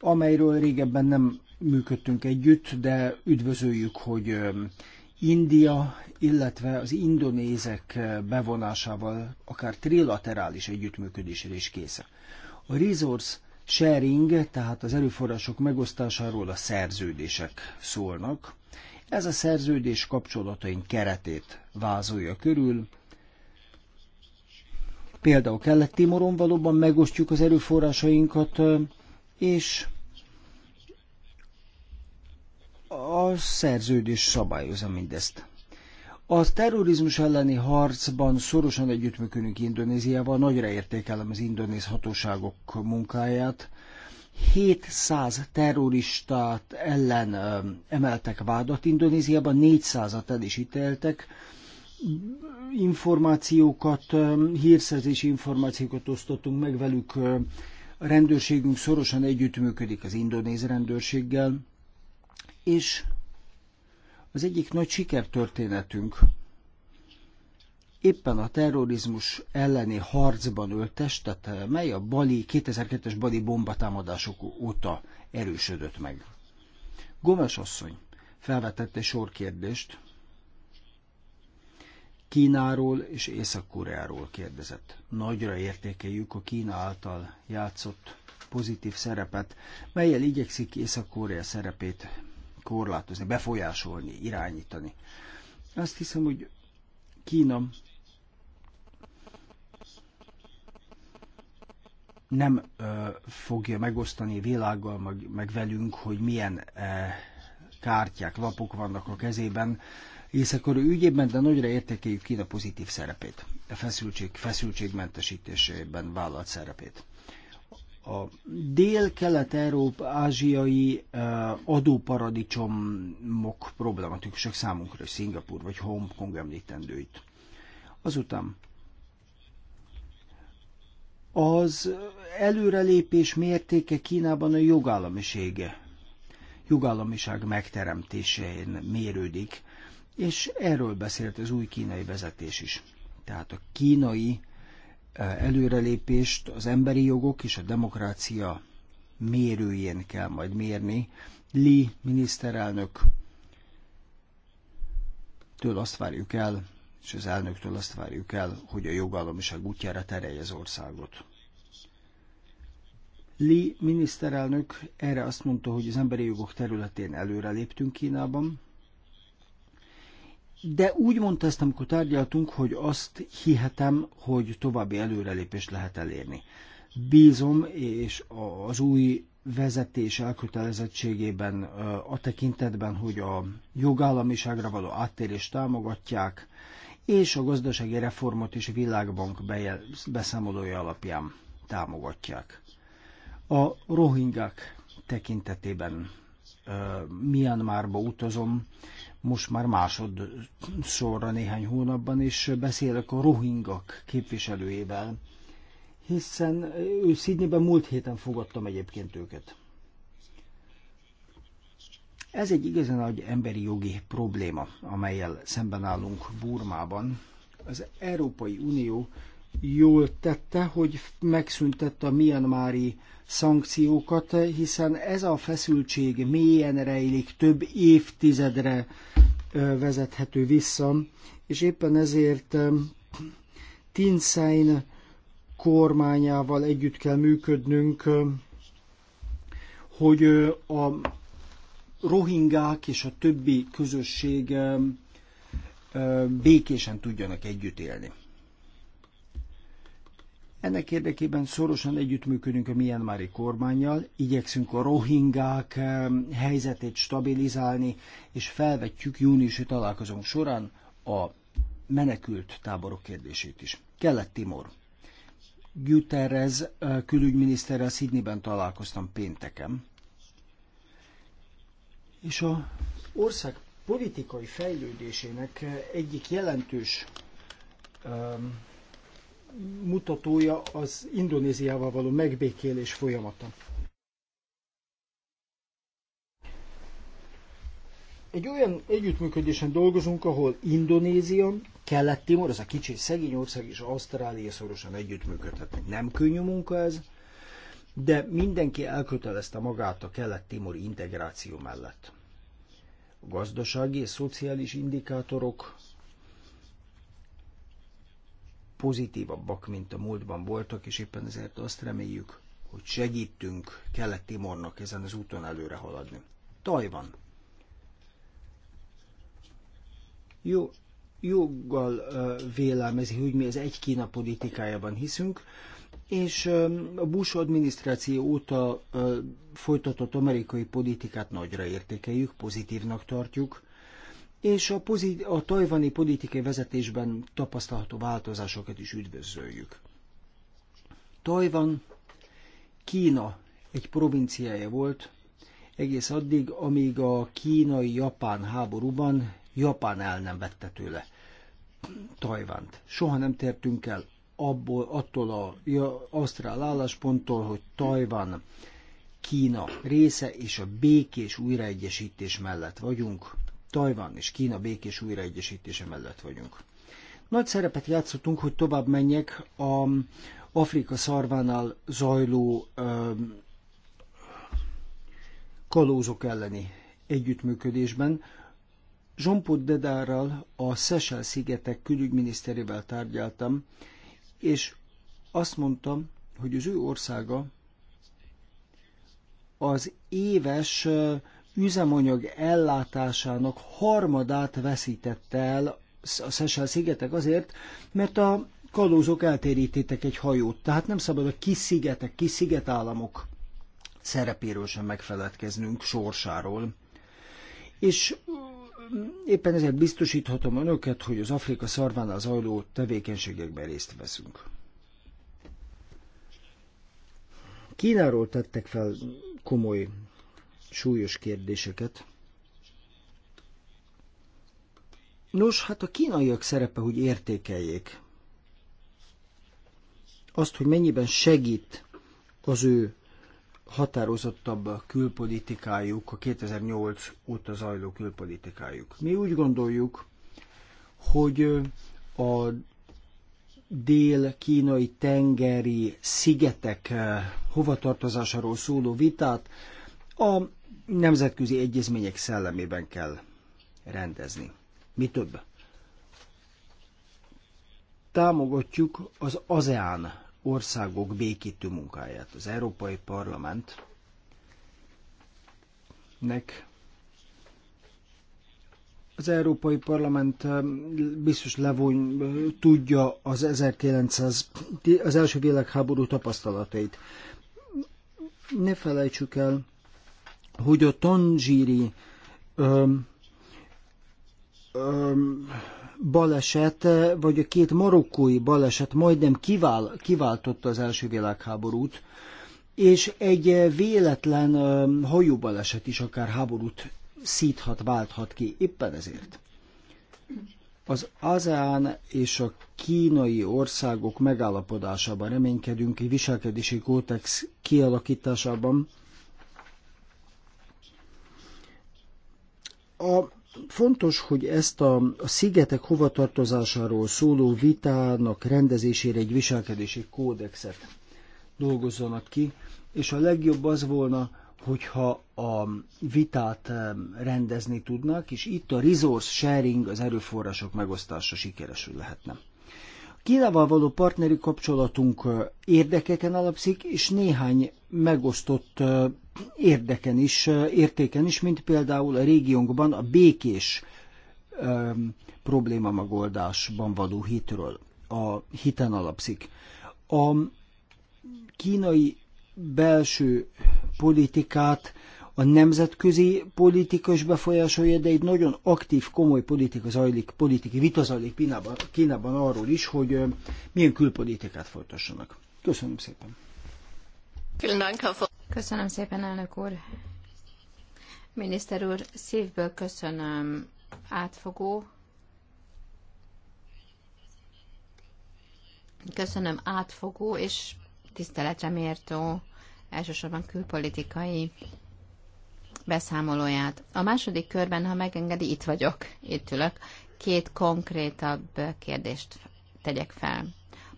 amelyről régebben nem működtünk együtt, de üdvözöljük, hogy India, illetve az indonézek bevonásával akár trilaterális együttműködésre is készen. A resource sharing, tehát az erőforrások megosztásáról a szerződések szólnak. Ez a szerződés kapcsolataink keretét vázolja körül. Például kellett timoron valóban megosztjuk az erőforrásainkat, és a szerződés szabályozza mindezt. Az terrorizmus elleni harcban szorosan együttműködünk Indonéziával, nagyra értékelem az indonéz hatóságok munkáját. 700 terroristát ellen emeltek vádat Indonéziában, 400-at el is ítéltek, információkat, hírszerzési információkat osztottunk meg velük, a rendőrségünk szorosan együttműködik az indonéz rendőrséggel, és az egyik nagy sikertörténetünk éppen a terrorizmus elleni harcban öltestet, mely a bali, 2002-es bali bombatámadások óta erősödött meg. Gomes asszony felvetette sor kérdést, Kínáról és Észak-Koreáról kérdezett. Nagyra értékeljük a Kína által játszott pozitív szerepet, melyel igyekszik Észak-Korea szerepét korlátozni, befolyásolni, irányítani. Azt hiszem, hogy Kína nem ö, fogja megosztani világgal, meg, meg velünk, hogy milyen ö, kártyák, lapok vannak a kezében, északkorú ügyében, de nagyra értékeljük Kína pozitív szerepét, a feszültség, feszültségmentesítésében vállalt szerepét a dél-kelet-európ-ázsiai eh, adóparadicsomok problematikusok számunkra, Szingapur vagy Hongkong Kong itt. Azután az előrelépés mértéke Kínában a jogállamisége, jogállamiság megteremtésén mérődik, és erről beszélt az új kínai vezetés is. Tehát a kínai előrelépést az emberi jogok és a demokrácia mérőjén kell majd mérni. Li miniszterelnök től azt várjuk el, és az elnöktől azt várjuk el, hogy a jogállamiság útjára terelje az országot. Li miniszterelnök erre azt mondta, hogy az emberi jogok területén előreléptünk Kínában, de úgy mondta ezt, amikor tárgyaltunk, hogy azt hihetem, hogy további előrelépést lehet elérni. Bízom, és az új vezetés elkötelezettségében a tekintetben, hogy a jogállamiságra való áttérést támogatják, és a gazdasági reformot is a Világbank bejel, beszámolója alapján támogatják. A rohingák tekintetében uh, Myanmarba utazom, most már másod sorra néhány hónapban, és beszélek a rohingak képviselőjével, hiszen ő Szidnyiben múlt héten fogadtam egyébként őket. Ez egy igazán nagy emberi jogi probléma, amelyel szemben állunk Burmában. Az Európai Unió jól tette, hogy megszüntette a Myanmari szankciókat, hiszen ez a feszültség mélyen rejlik, több évtizedre vezethető vissza, és éppen ezért Tinsain kormányával együtt kell működnünk, hogy a rohingák és a többi közösség békésen tudjanak együtt élni. Ennek érdekében szorosan együttműködünk a Myanmari kormányjal, igyekszünk a rohingák eh, helyzetét stabilizálni, és felvetjük júniusi találkozónk során a menekült táborok kérdését is. Kellett timor Guterres eh, külügyminiszterrel Sydneyben találkoztam pénteken. És a ország politikai fejlődésének eh, egyik jelentős um, mutatója az Indonéziával való megbékélés folyamata. Egy olyan együttműködésen dolgozunk, ahol Indonézia, Kelet-Timor, az a kicsi szegény ország és Ausztrália szorosan együttműködhetnek. Nem könnyű munka ez, de mindenki elkötelezte magát a kelet timor integráció mellett. A gazdasági és szociális indikátorok pozitívabbak, mint a múltban voltak, és éppen ezért azt reméljük, hogy segítünk kellett timornak ezen az úton előre haladni. Tajvan. Jó, joggal vélelmezi, hogy mi az egy Kína politikájában hiszünk, és a Bush adminisztráció óta folytatott amerikai politikát nagyra értékeljük, pozitívnak tartjuk, és a, pozit- a tajvani politikai vezetésben tapasztalható változásokat is üdvözöljük. Tajvan Kína egy provinciája volt, egész addig, amíg a kínai-japán háborúban Japán el nem vette tőle Tajvánt. Soha nem tértünk el abból, attól a ja, ausztrál állásponttól, hogy Tajvan Kína része és a békés újraegyesítés mellett vagyunk, Tajvan és Kína békés újraegyesítése mellett vagyunk. Nagy szerepet játszottunk, hogy tovább menjek a Afrika szarvánál zajló um, kalózok elleni együttműködésben. jean Dedárral, a Szesel szigetek külügyminiszterével tárgyaltam, és azt mondtam, hogy az ő országa az éves üzemanyag ellátásának harmadát veszítette el a Szesel szigetek azért, mert a kalózok eltérítettek egy hajót. Tehát nem szabad a kis szigetek, kis szigetállamok szerepéről sem megfeledkeznünk, sorsáról. És mm, éppen ezért biztosíthatom önöket, hogy az Afrika szarvánál zajló tevékenységekben részt veszünk. Kínáról tettek fel komoly súlyos kérdéseket. Nos, hát a kínaiak szerepe, hogy értékeljék azt, hogy mennyiben segít az ő határozottabb külpolitikájuk, a 2008 óta zajló külpolitikájuk. Mi úgy gondoljuk, hogy a dél-kínai tengeri szigetek eh, hovatartozásáról szóló vitát a nemzetközi egyezmények szellemében kell rendezni. Mi több? Támogatjuk az ASEAN országok békítő munkáját. Az Európai Parlament nek az Európai Parlament um, biztos levon um, tudja az 1900, az első világháború tapasztalatait. Ne felejtsük el, hogy a tanzsíri öm, öm, baleset, vagy a két marokkói baleset majdnem kivál, kiváltotta az első világháborút, és egy véletlen hajóbaleset is akár háborút szíthat, válthat ki. Éppen ezért. Az ASEAN és a kínai országok megállapodásában reménykedünk egy viselkedési kódex kialakításában, A Fontos, hogy ezt a, a szigetek hovatartozásáról szóló vitának rendezésére egy viselkedési kódexet dolgozzanak ki, és a legjobb az volna, hogyha a vitát rendezni tudnak, és itt a resource sharing, az erőforrások megosztása sikeresül lehetne. Kínával való partneri kapcsolatunk érdekeken alapszik, és néhány megosztott érdeken is, értéken is, mint például a régiónkban a békés probléma megoldásban való hitről, a hiten alapszik. A kínai belső politikát a nemzetközi politikus befolyásolja, de egy nagyon aktív, komoly politika zajlik, politikai vita zajlik Kínában, Kínában arról is, hogy milyen külpolitikát folytassanak. Köszönöm szépen. Köszönöm szépen, elnök úr. Miniszter úr, szívből köszönöm átfogó, köszönöm átfogó és tiszteletre méltó, elsősorban külpolitikai beszámolóját. A második körben, ha megengedi, itt vagyok, itt ülök, két konkrétabb kérdést tegyek fel.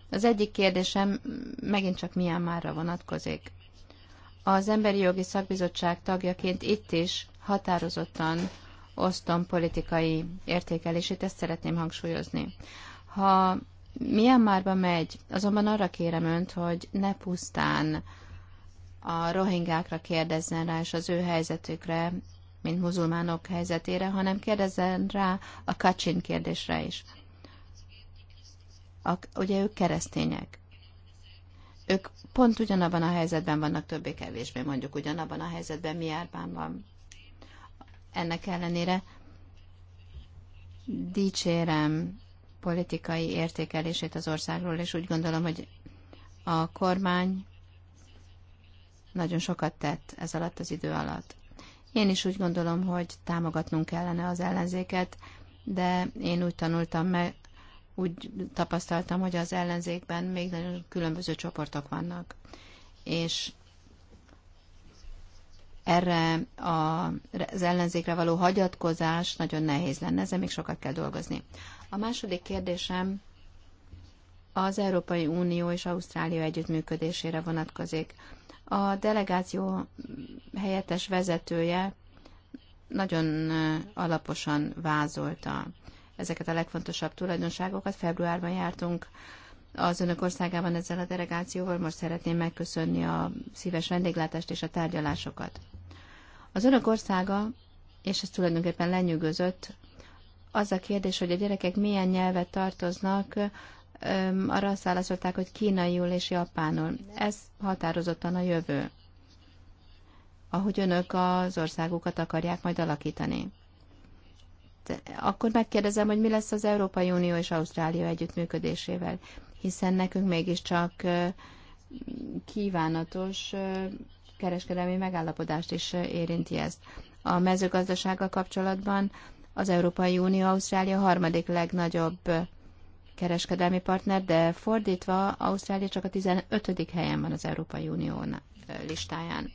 Az egyik kérdésem megint csak milyen márra vonatkozik. Az Emberi Jogi Szakbizottság tagjaként itt is határozottan osztom politikai értékelését, ezt szeretném hangsúlyozni. Ha milyen márba megy, azonban arra kérem önt, hogy ne pusztán a rohingákra kérdezzen rá, és az ő helyzetükre, mint muzulmánok helyzetére, hanem kérdezzen rá a kacsin kérdésre is. A, ugye ők keresztények. Ők pont ugyanabban a helyzetben vannak, többé-kevésbé mondjuk ugyanabban a helyzetben, mi van. Ennek ellenére dicsérem politikai értékelését az országról, és úgy gondolom, hogy a kormány nagyon sokat tett ez alatt az idő alatt. Én is úgy gondolom, hogy támogatnunk kellene az ellenzéket, de én úgy tanultam meg, úgy tapasztaltam, hogy az ellenzékben még nagyon különböző csoportok vannak. És erre a, az ellenzékre való hagyatkozás nagyon nehéz lenne, ezzel még sokat kell dolgozni. A második kérdésem az Európai Unió és Ausztrália együttműködésére vonatkozik. A delegáció helyettes vezetője nagyon alaposan vázolta ezeket a legfontosabb tulajdonságokat. Februárban jártunk az önök országában ezzel a delegációval. Most szeretném megköszönni a szíves vendéglátást és a tárgyalásokat. Az önök országa, és ez tulajdonképpen lenyűgözött, az a kérdés, hogy a gyerekek milyen nyelvet tartoznak, arra azt válaszolták, hogy kínaiul és japánul. Ez határozottan a jövő, ahogy önök az országukat akarják majd alakítani. De akkor megkérdezem, hogy mi lesz az Európai Unió és Ausztrália együttműködésével, hiszen nekünk mégiscsak kívánatos kereskedelmi megállapodást is érinti ezt. A mezőgazdasággal kapcsolatban az Európai Unió Ausztrália harmadik legnagyobb kereskedelmi partner, de fordítva Ausztrália csak a 15. helyen van az Európai Unió eh, listáján.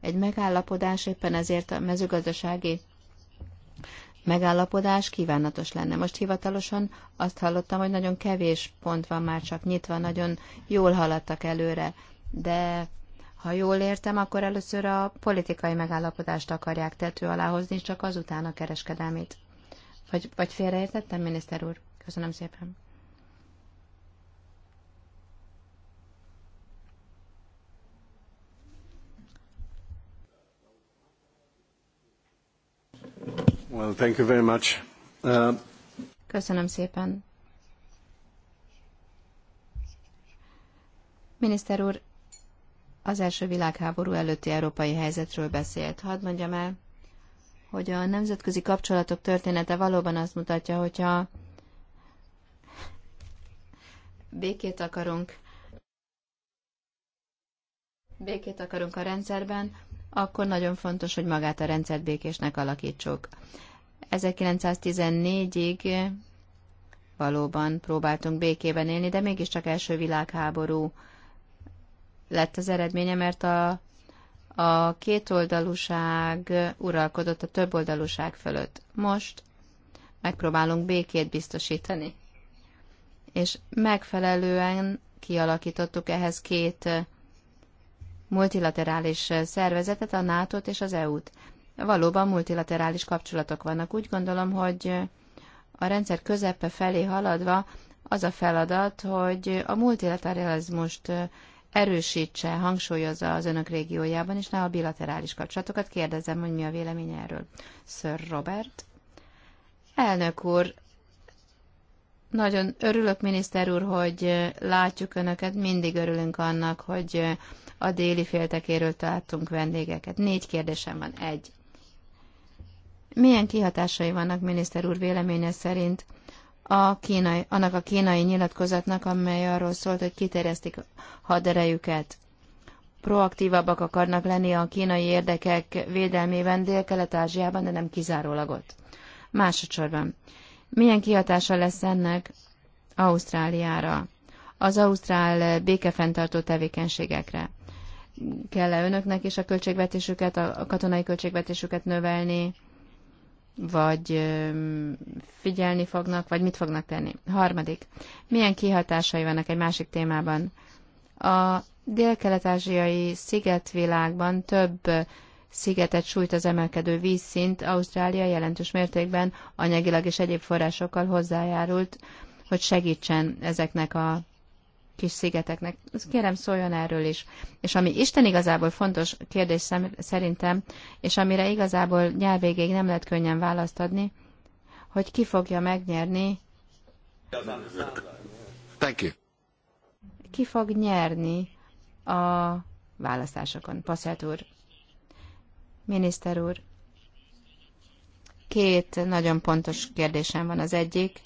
Egy megállapodás éppen ezért a mezőgazdasági megállapodás kívánatos lenne. Most hivatalosan azt hallottam, hogy nagyon kevés pont van már csak nyitva, nagyon jól haladtak előre, de ha jól értem, akkor először a politikai megállapodást akarják tető alá hozni, csak azután a kereskedelmét. Vagy, vagy félreértettem, miniszter úr? Köszönöm szépen. Well, thank you very much. Uh... Köszönöm szépen. Miniszter úr, az első világháború előtti európai helyzetről beszélt. Hadd mondjam el, hogy a nemzetközi kapcsolatok története valóban azt mutatja, hogyha békét akarunk, békét akarunk a rendszerben, akkor nagyon fontos, hogy magát a rendszert békésnek alakítsuk. 1914-ig valóban próbáltunk békében élni, de mégiscsak első világháború lett az eredménye, mert a, a kétoldalúság uralkodott a többoldalúság fölött. Most megpróbálunk békét biztosítani és megfelelően kialakítottuk ehhez két eh, multilaterális eh, szervezetet, a NATO-t és az EU-t. Valóban multilaterális kapcsolatok vannak. Úgy gondolom, hogy eh, a rendszer közepe felé haladva az a feladat, hogy a multilateralizmust erősítse, hangsúlyozza az önök régiójában, és ne a bilaterális kapcsolatokat. Kérdezem, hogy mi a vélemény erről. Sir Robert? Elnök úr, nagyon örülök, miniszter úr, hogy látjuk Önöket. Mindig örülünk annak, hogy a déli féltekéről találtunk vendégeket. Négy kérdésem van. Egy. Milyen kihatásai vannak, miniszter úr, véleménye szerint a kínai, annak a kínai nyilatkozatnak, amely arról szólt, hogy kiterjesztik haderejüket? Proaktívabbak akarnak lenni a kínai érdekek védelmében Dél-Kelet-Ázsiában, de nem kizárólag ott. Másodszorban, milyen kihatása lesz ennek Ausztráliára, az Ausztrál békefenntartó tevékenységekre? Kell-e önöknek is a költségvetésüket, a katonai költségvetésüket növelni, vagy figyelni fognak, vagy mit fognak tenni? Harmadik, milyen kihatásai vannak egy másik témában? A dél-kelet-ázsiai szigetvilágban több szigetet sújt az emelkedő vízszint, Ausztrália jelentős mértékben anyagilag és egyéb forrásokkal hozzájárult, hogy segítsen ezeknek a kis szigeteknek. Kérem, szóljon erről is. És ami Isten igazából fontos kérdés szerintem, és amire igazából nyár végéig nem lehet könnyen választ adni, hogy ki fogja megnyerni. Thank you. Ki fog nyerni a választásokon? Passzát úr. Miniszter úr, két nagyon pontos kérdésem van. Az egyik,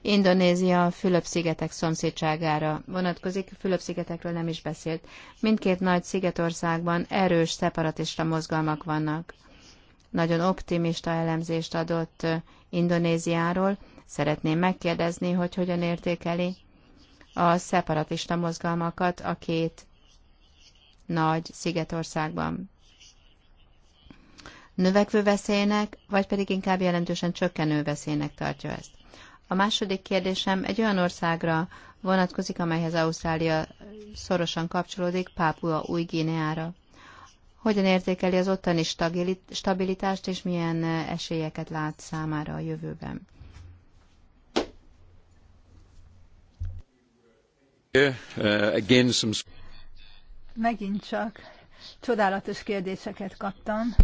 Indonézia a Fülöp-szigetek szomszédságára vonatkozik, Fülöp-szigetekről nem is beszélt. Mindkét nagy szigetországban erős szeparatista mozgalmak vannak. Nagyon optimista elemzést adott Indonéziáról. Szeretném megkérdezni, hogy hogyan értékeli a szeparatista mozgalmakat a két nagy Szigetországban. Növekvő veszélynek, vagy pedig inkább jelentősen csökkenő veszélynek tartja ezt. A második kérdésem egy olyan országra vonatkozik, amelyhez Ausztrália szorosan kapcsolódik, Pápua Új-Guineára. Hogyan értékeli az ottani stabilitást, és milyen esélyeket lát számára a jövőben? Again, some megint csak csodálatos kérdéseket kaptam.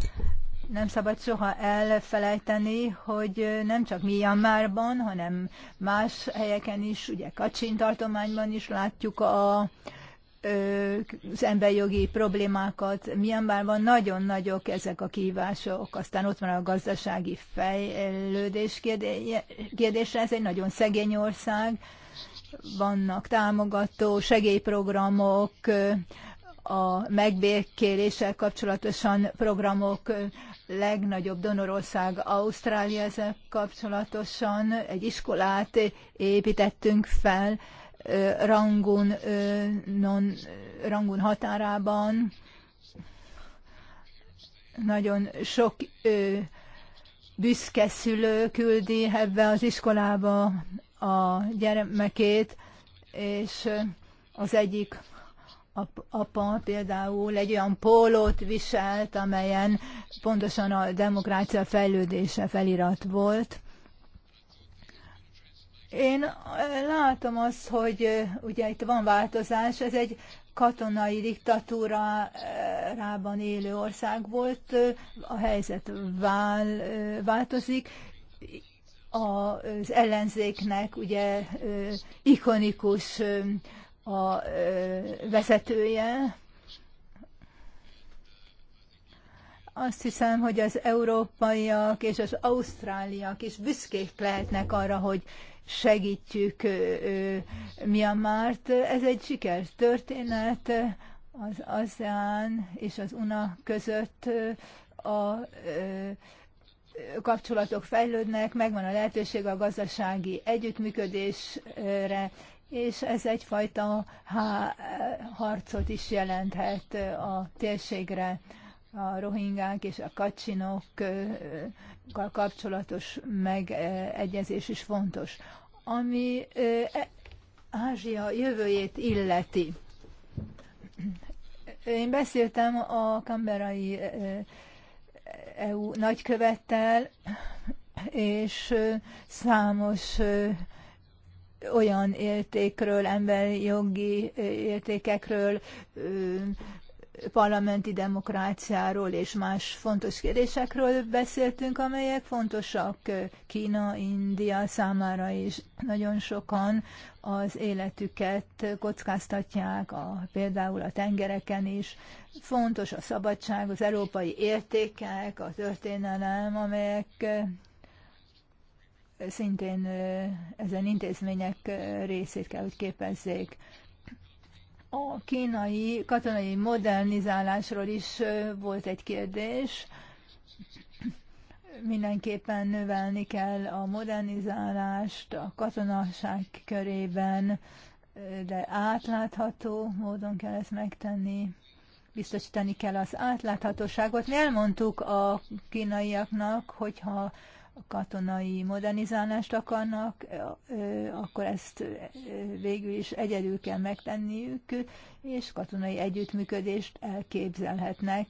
Nem szabad soha elfelejteni, hogy nem csak Myanmarban, hanem más helyeken is, ugye Kacsin tartományban is látjuk a, az emberjogi problémákat. Myanmarban nagyon nagyok ezek a kívások, aztán ott van a gazdasági fejlődés kérdése, ez egy nagyon szegény ország, vannak támogató segélyprogramok, a megbékéléssel kapcsolatosan programok legnagyobb donorország Ausztrália ezzel kapcsolatosan. Egy iskolát építettünk fel Rangun, non, Rangun határában. Nagyon sok büszke szülő küldi ebbe az iskolába a gyermekét, és az egyik apa például egy olyan pólót viselt, amelyen pontosan a demokrácia fejlődése felirat volt. Én eh, látom azt, hogy eh, ugye itt van változás, ez egy katonai diktatúrában élő ország volt, eh, a helyzet vál, változik, az ellenzéknek ugye ikonikus a vezetője. Azt hiszem, hogy az európaiak és az ausztráliak is büszkék lehetnek arra, hogy segítjük Myanmar-t. Ez egy sikert történet az ASEAN és az UNA között a kapcsolatok fejlődnek, megvan a lehetőség a gazdasági együttműködésre, és ez egyfajta harcot is jelenthet a térségre a rohingák és a kacsinokkal kapcsolatos megegyezés is fontos. Ami Ázsia jövőjét illeti. Én beszéltem a kamerai EU nagykövettel, és számos olyan értékről, emberi jogi értékekről, parlamenti demokráciáról és más fontos kérdésekről beszéltünk, amelyek fontosak Kína, India számára is. Nagyon sokan az életüket kockáztatják, a, például a tengereken is. Fontos a szabadság, az európai értékek, a történelem, amelyek szintén ezen intézmények részét kell, hogy képezzék. A kínai katonai modernizálásról is volt egy kérdés. Mindenképpen növelni kell a modernizálást a katonaság körében, de átlátható módon kell ezt megtenni. Biztosítani kell az átláthatóságot. Mi elmondtuk a kínaiaknak, hogyha a katonai modernizálást akarnak, akkor ezt végül is egyedül kell megtenniük, és katonai együttműködést elképzelhetnek.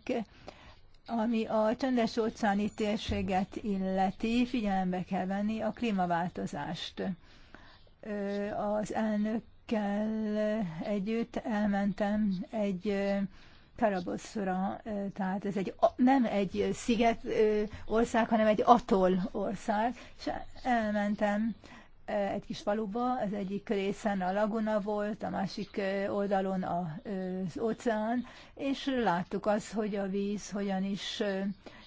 Ami a csendes óceáni térséget illeti, figyelembe kell venni a klímaváltozást. Az elnökkel együtt elmentem egy Karabosszora, tehát ez egy, nem egy sziget ország, hanem egy atoll ország, és elmentem egy kis faluba, az egyik részen a laguna volt, a másik oldalon az óceán, és láttuk azt, hogy a víz hogyan is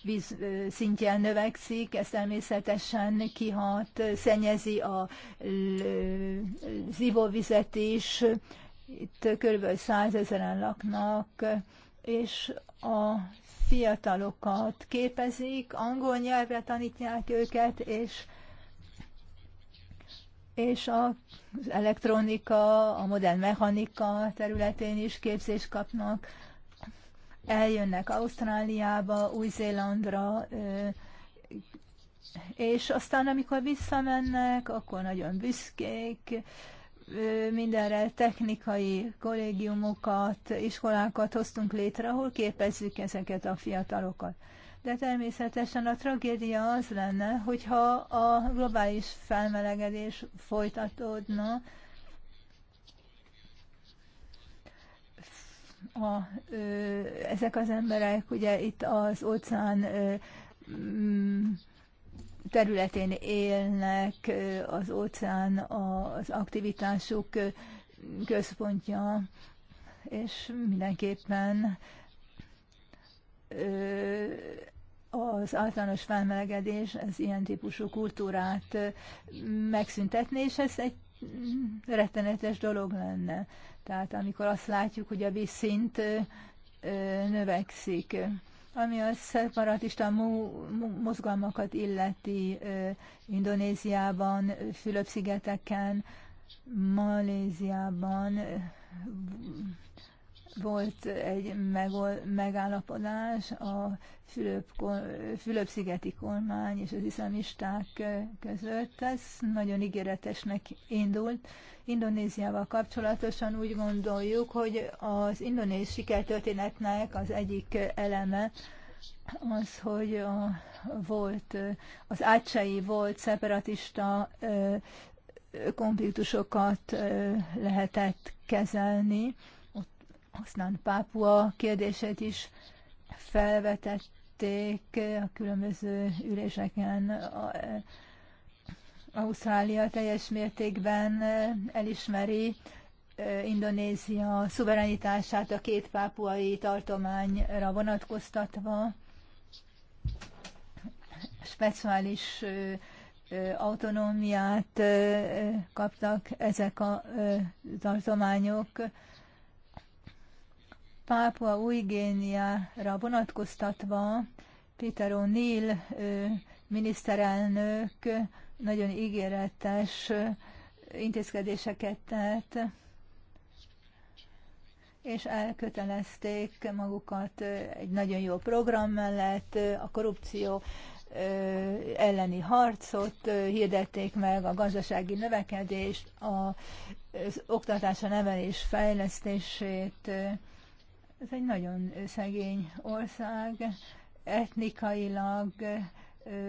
víz szintjén növekszik, ez természetesen kihat, szennyezi a zivóvizet is, itt kb. százezeren laknak, és a fiatalokat képezik, angol nyelvre tanítják őket, és és az elektronika, a modern mechanika területén is képzést kapnak. Eljönnek Ausztráliába, Új-Zélandra, és aztán, amikor visszamennek, akkor nagyon büszkék, mindenre technikai kollégiumokat, iskolákat hoztunk létre, ahol képezzük ezeket a fiatalokat. De természetesen a tragédia az lenne, hogyha a globális felmelegedés folytatódna, a, ö, ezek az emberek ugye itt az óceán ö, területén élnek, az óceán az aktivitásuk központja, és mindenképpen az általános felmelegedés ez ilyen típusú kultúrát megszüntetni, és ez egy rettenetes dolog lenne. Tehát amikor azt látjuk, hogy a vízszint növekszik, ami a szeparatista mozgalmakat illeti Indonéziában, Fülöp-szigeteken, Maléziában volt egy megállapodás a Fülöp-szigeti kormány és az iszlamisták között. Ez nagyon ígéretesnek indult. Indonéziával kapcsolatosan úgy gondoljuk, hogy az indonéz sikertörténetnek az egyik eleme az, hogy a, volt, az átsai volt szeparatista konfliktusokat lehetett kezelni, aztán Pápua kérdését is felvetették a különböző üléseken. A, eh, Ausztrália teljes mértékben eh, elismeri eh, Indonézia szuverenitását a két pápuai tartományra vonatkoztatva, speciális autonómiát kaptak ezek a tartományok. Pápua Új-Géniára vonatkoztatva Peter O'Neill miniszterelnök nagyon ígéretes intézkedéseket tett, és elkötelezték magukat egy nagyon jó program mellett, a korrupció elleni harcot hirdették meg, a gazdasági növekedést, az oktatásra nevelés fejlesztését, ez egy nagyon szegény ország, etnikailag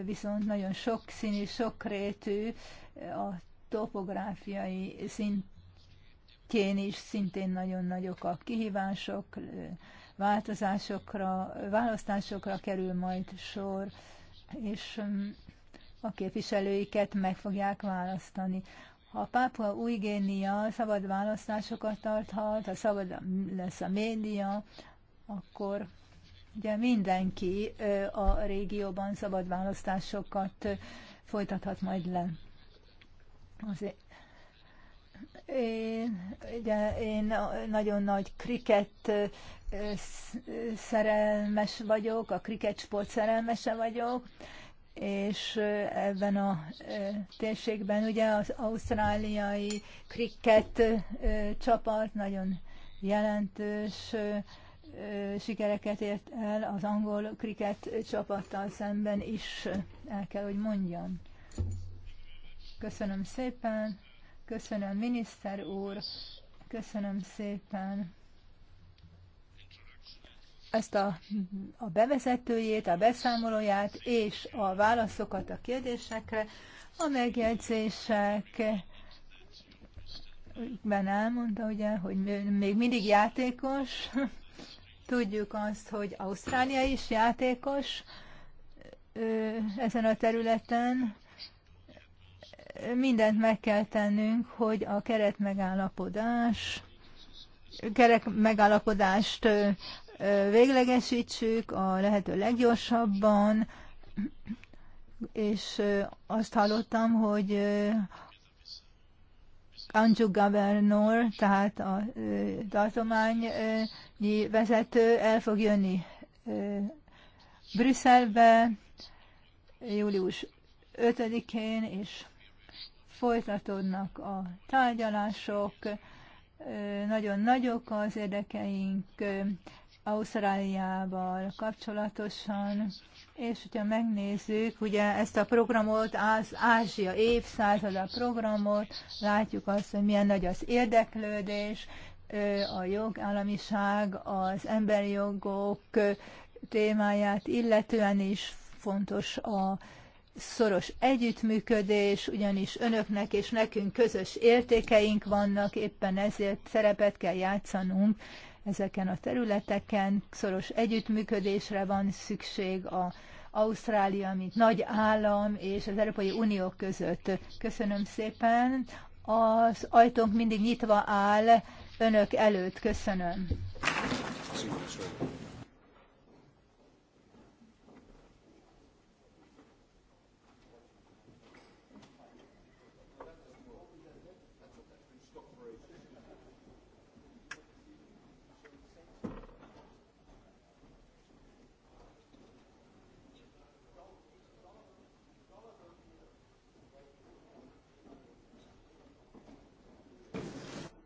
viszont nagyon sokszínű, sokrétű, a topográfiai szintjén is szintén nagyon nagyok a kihívások, változásokra, választásokra kerül majd sor, és a képviselőiket meg fogják választani. Ha Pápua Új-Génia szabad választásokat tarthat, ha szabad lesz a média, akkor ugye mindenki a régióban szabad választásokat folytathat majd le. Azért én, ugye, én nagyon nagy kriket szerelmes vagyok, a kriket sport szerelmese vagyok, és ebben a térségben ugye az ausztráliai krikket csapat nagyon jelentős sikereket ért el az angol kriket csapattal szemben is, el kell, hogy mondjam. Köszönöm szépen, köszönöm miniszter úr, köszönöm szépen ezt a, a bevezetőjét, a beszámolóját és a válaszokat a kérdésekre, a megjegyzések, Ben elmondta, ugye, hogy még mindig játékos. Tudjuk azt, hogy Ausztrália is játékos ezen a területen. Mindent meg kell tennünk, hogy a keretmegállapodás kerek megállapodást véglegesítsük a lehető leggyorsabban, és azt hallottam, hogy Andrew Governor, tehát a tartományi vezető el fog jönni Brüsszelbe július 5-én, és folytatódnak a tárgyalások, nagyon nagyok az érdekeink, Ausztráliával kapcsolatosan, és hogyha megnézzük ugye ezt a programot, az Ázsia évszázada programot, látjuk azt, hogy milyen nagy az érdeklődés, a jogállamiság, az emberi jogok témáját illetően is fontos a szoros együttműködés, ugyanis önöknek és nekünk közös értékeink vannak, éppen ezért szerepet kell játszanunk ezeken a területeken. Szoros együttműködésre van szükség a Ausztrália, mint nagy állam, és az Európai Unió között. Köszönöm szépen. Az ajtónk mindig nyitva áll önök előtt. Köszönöm. Köszönöm.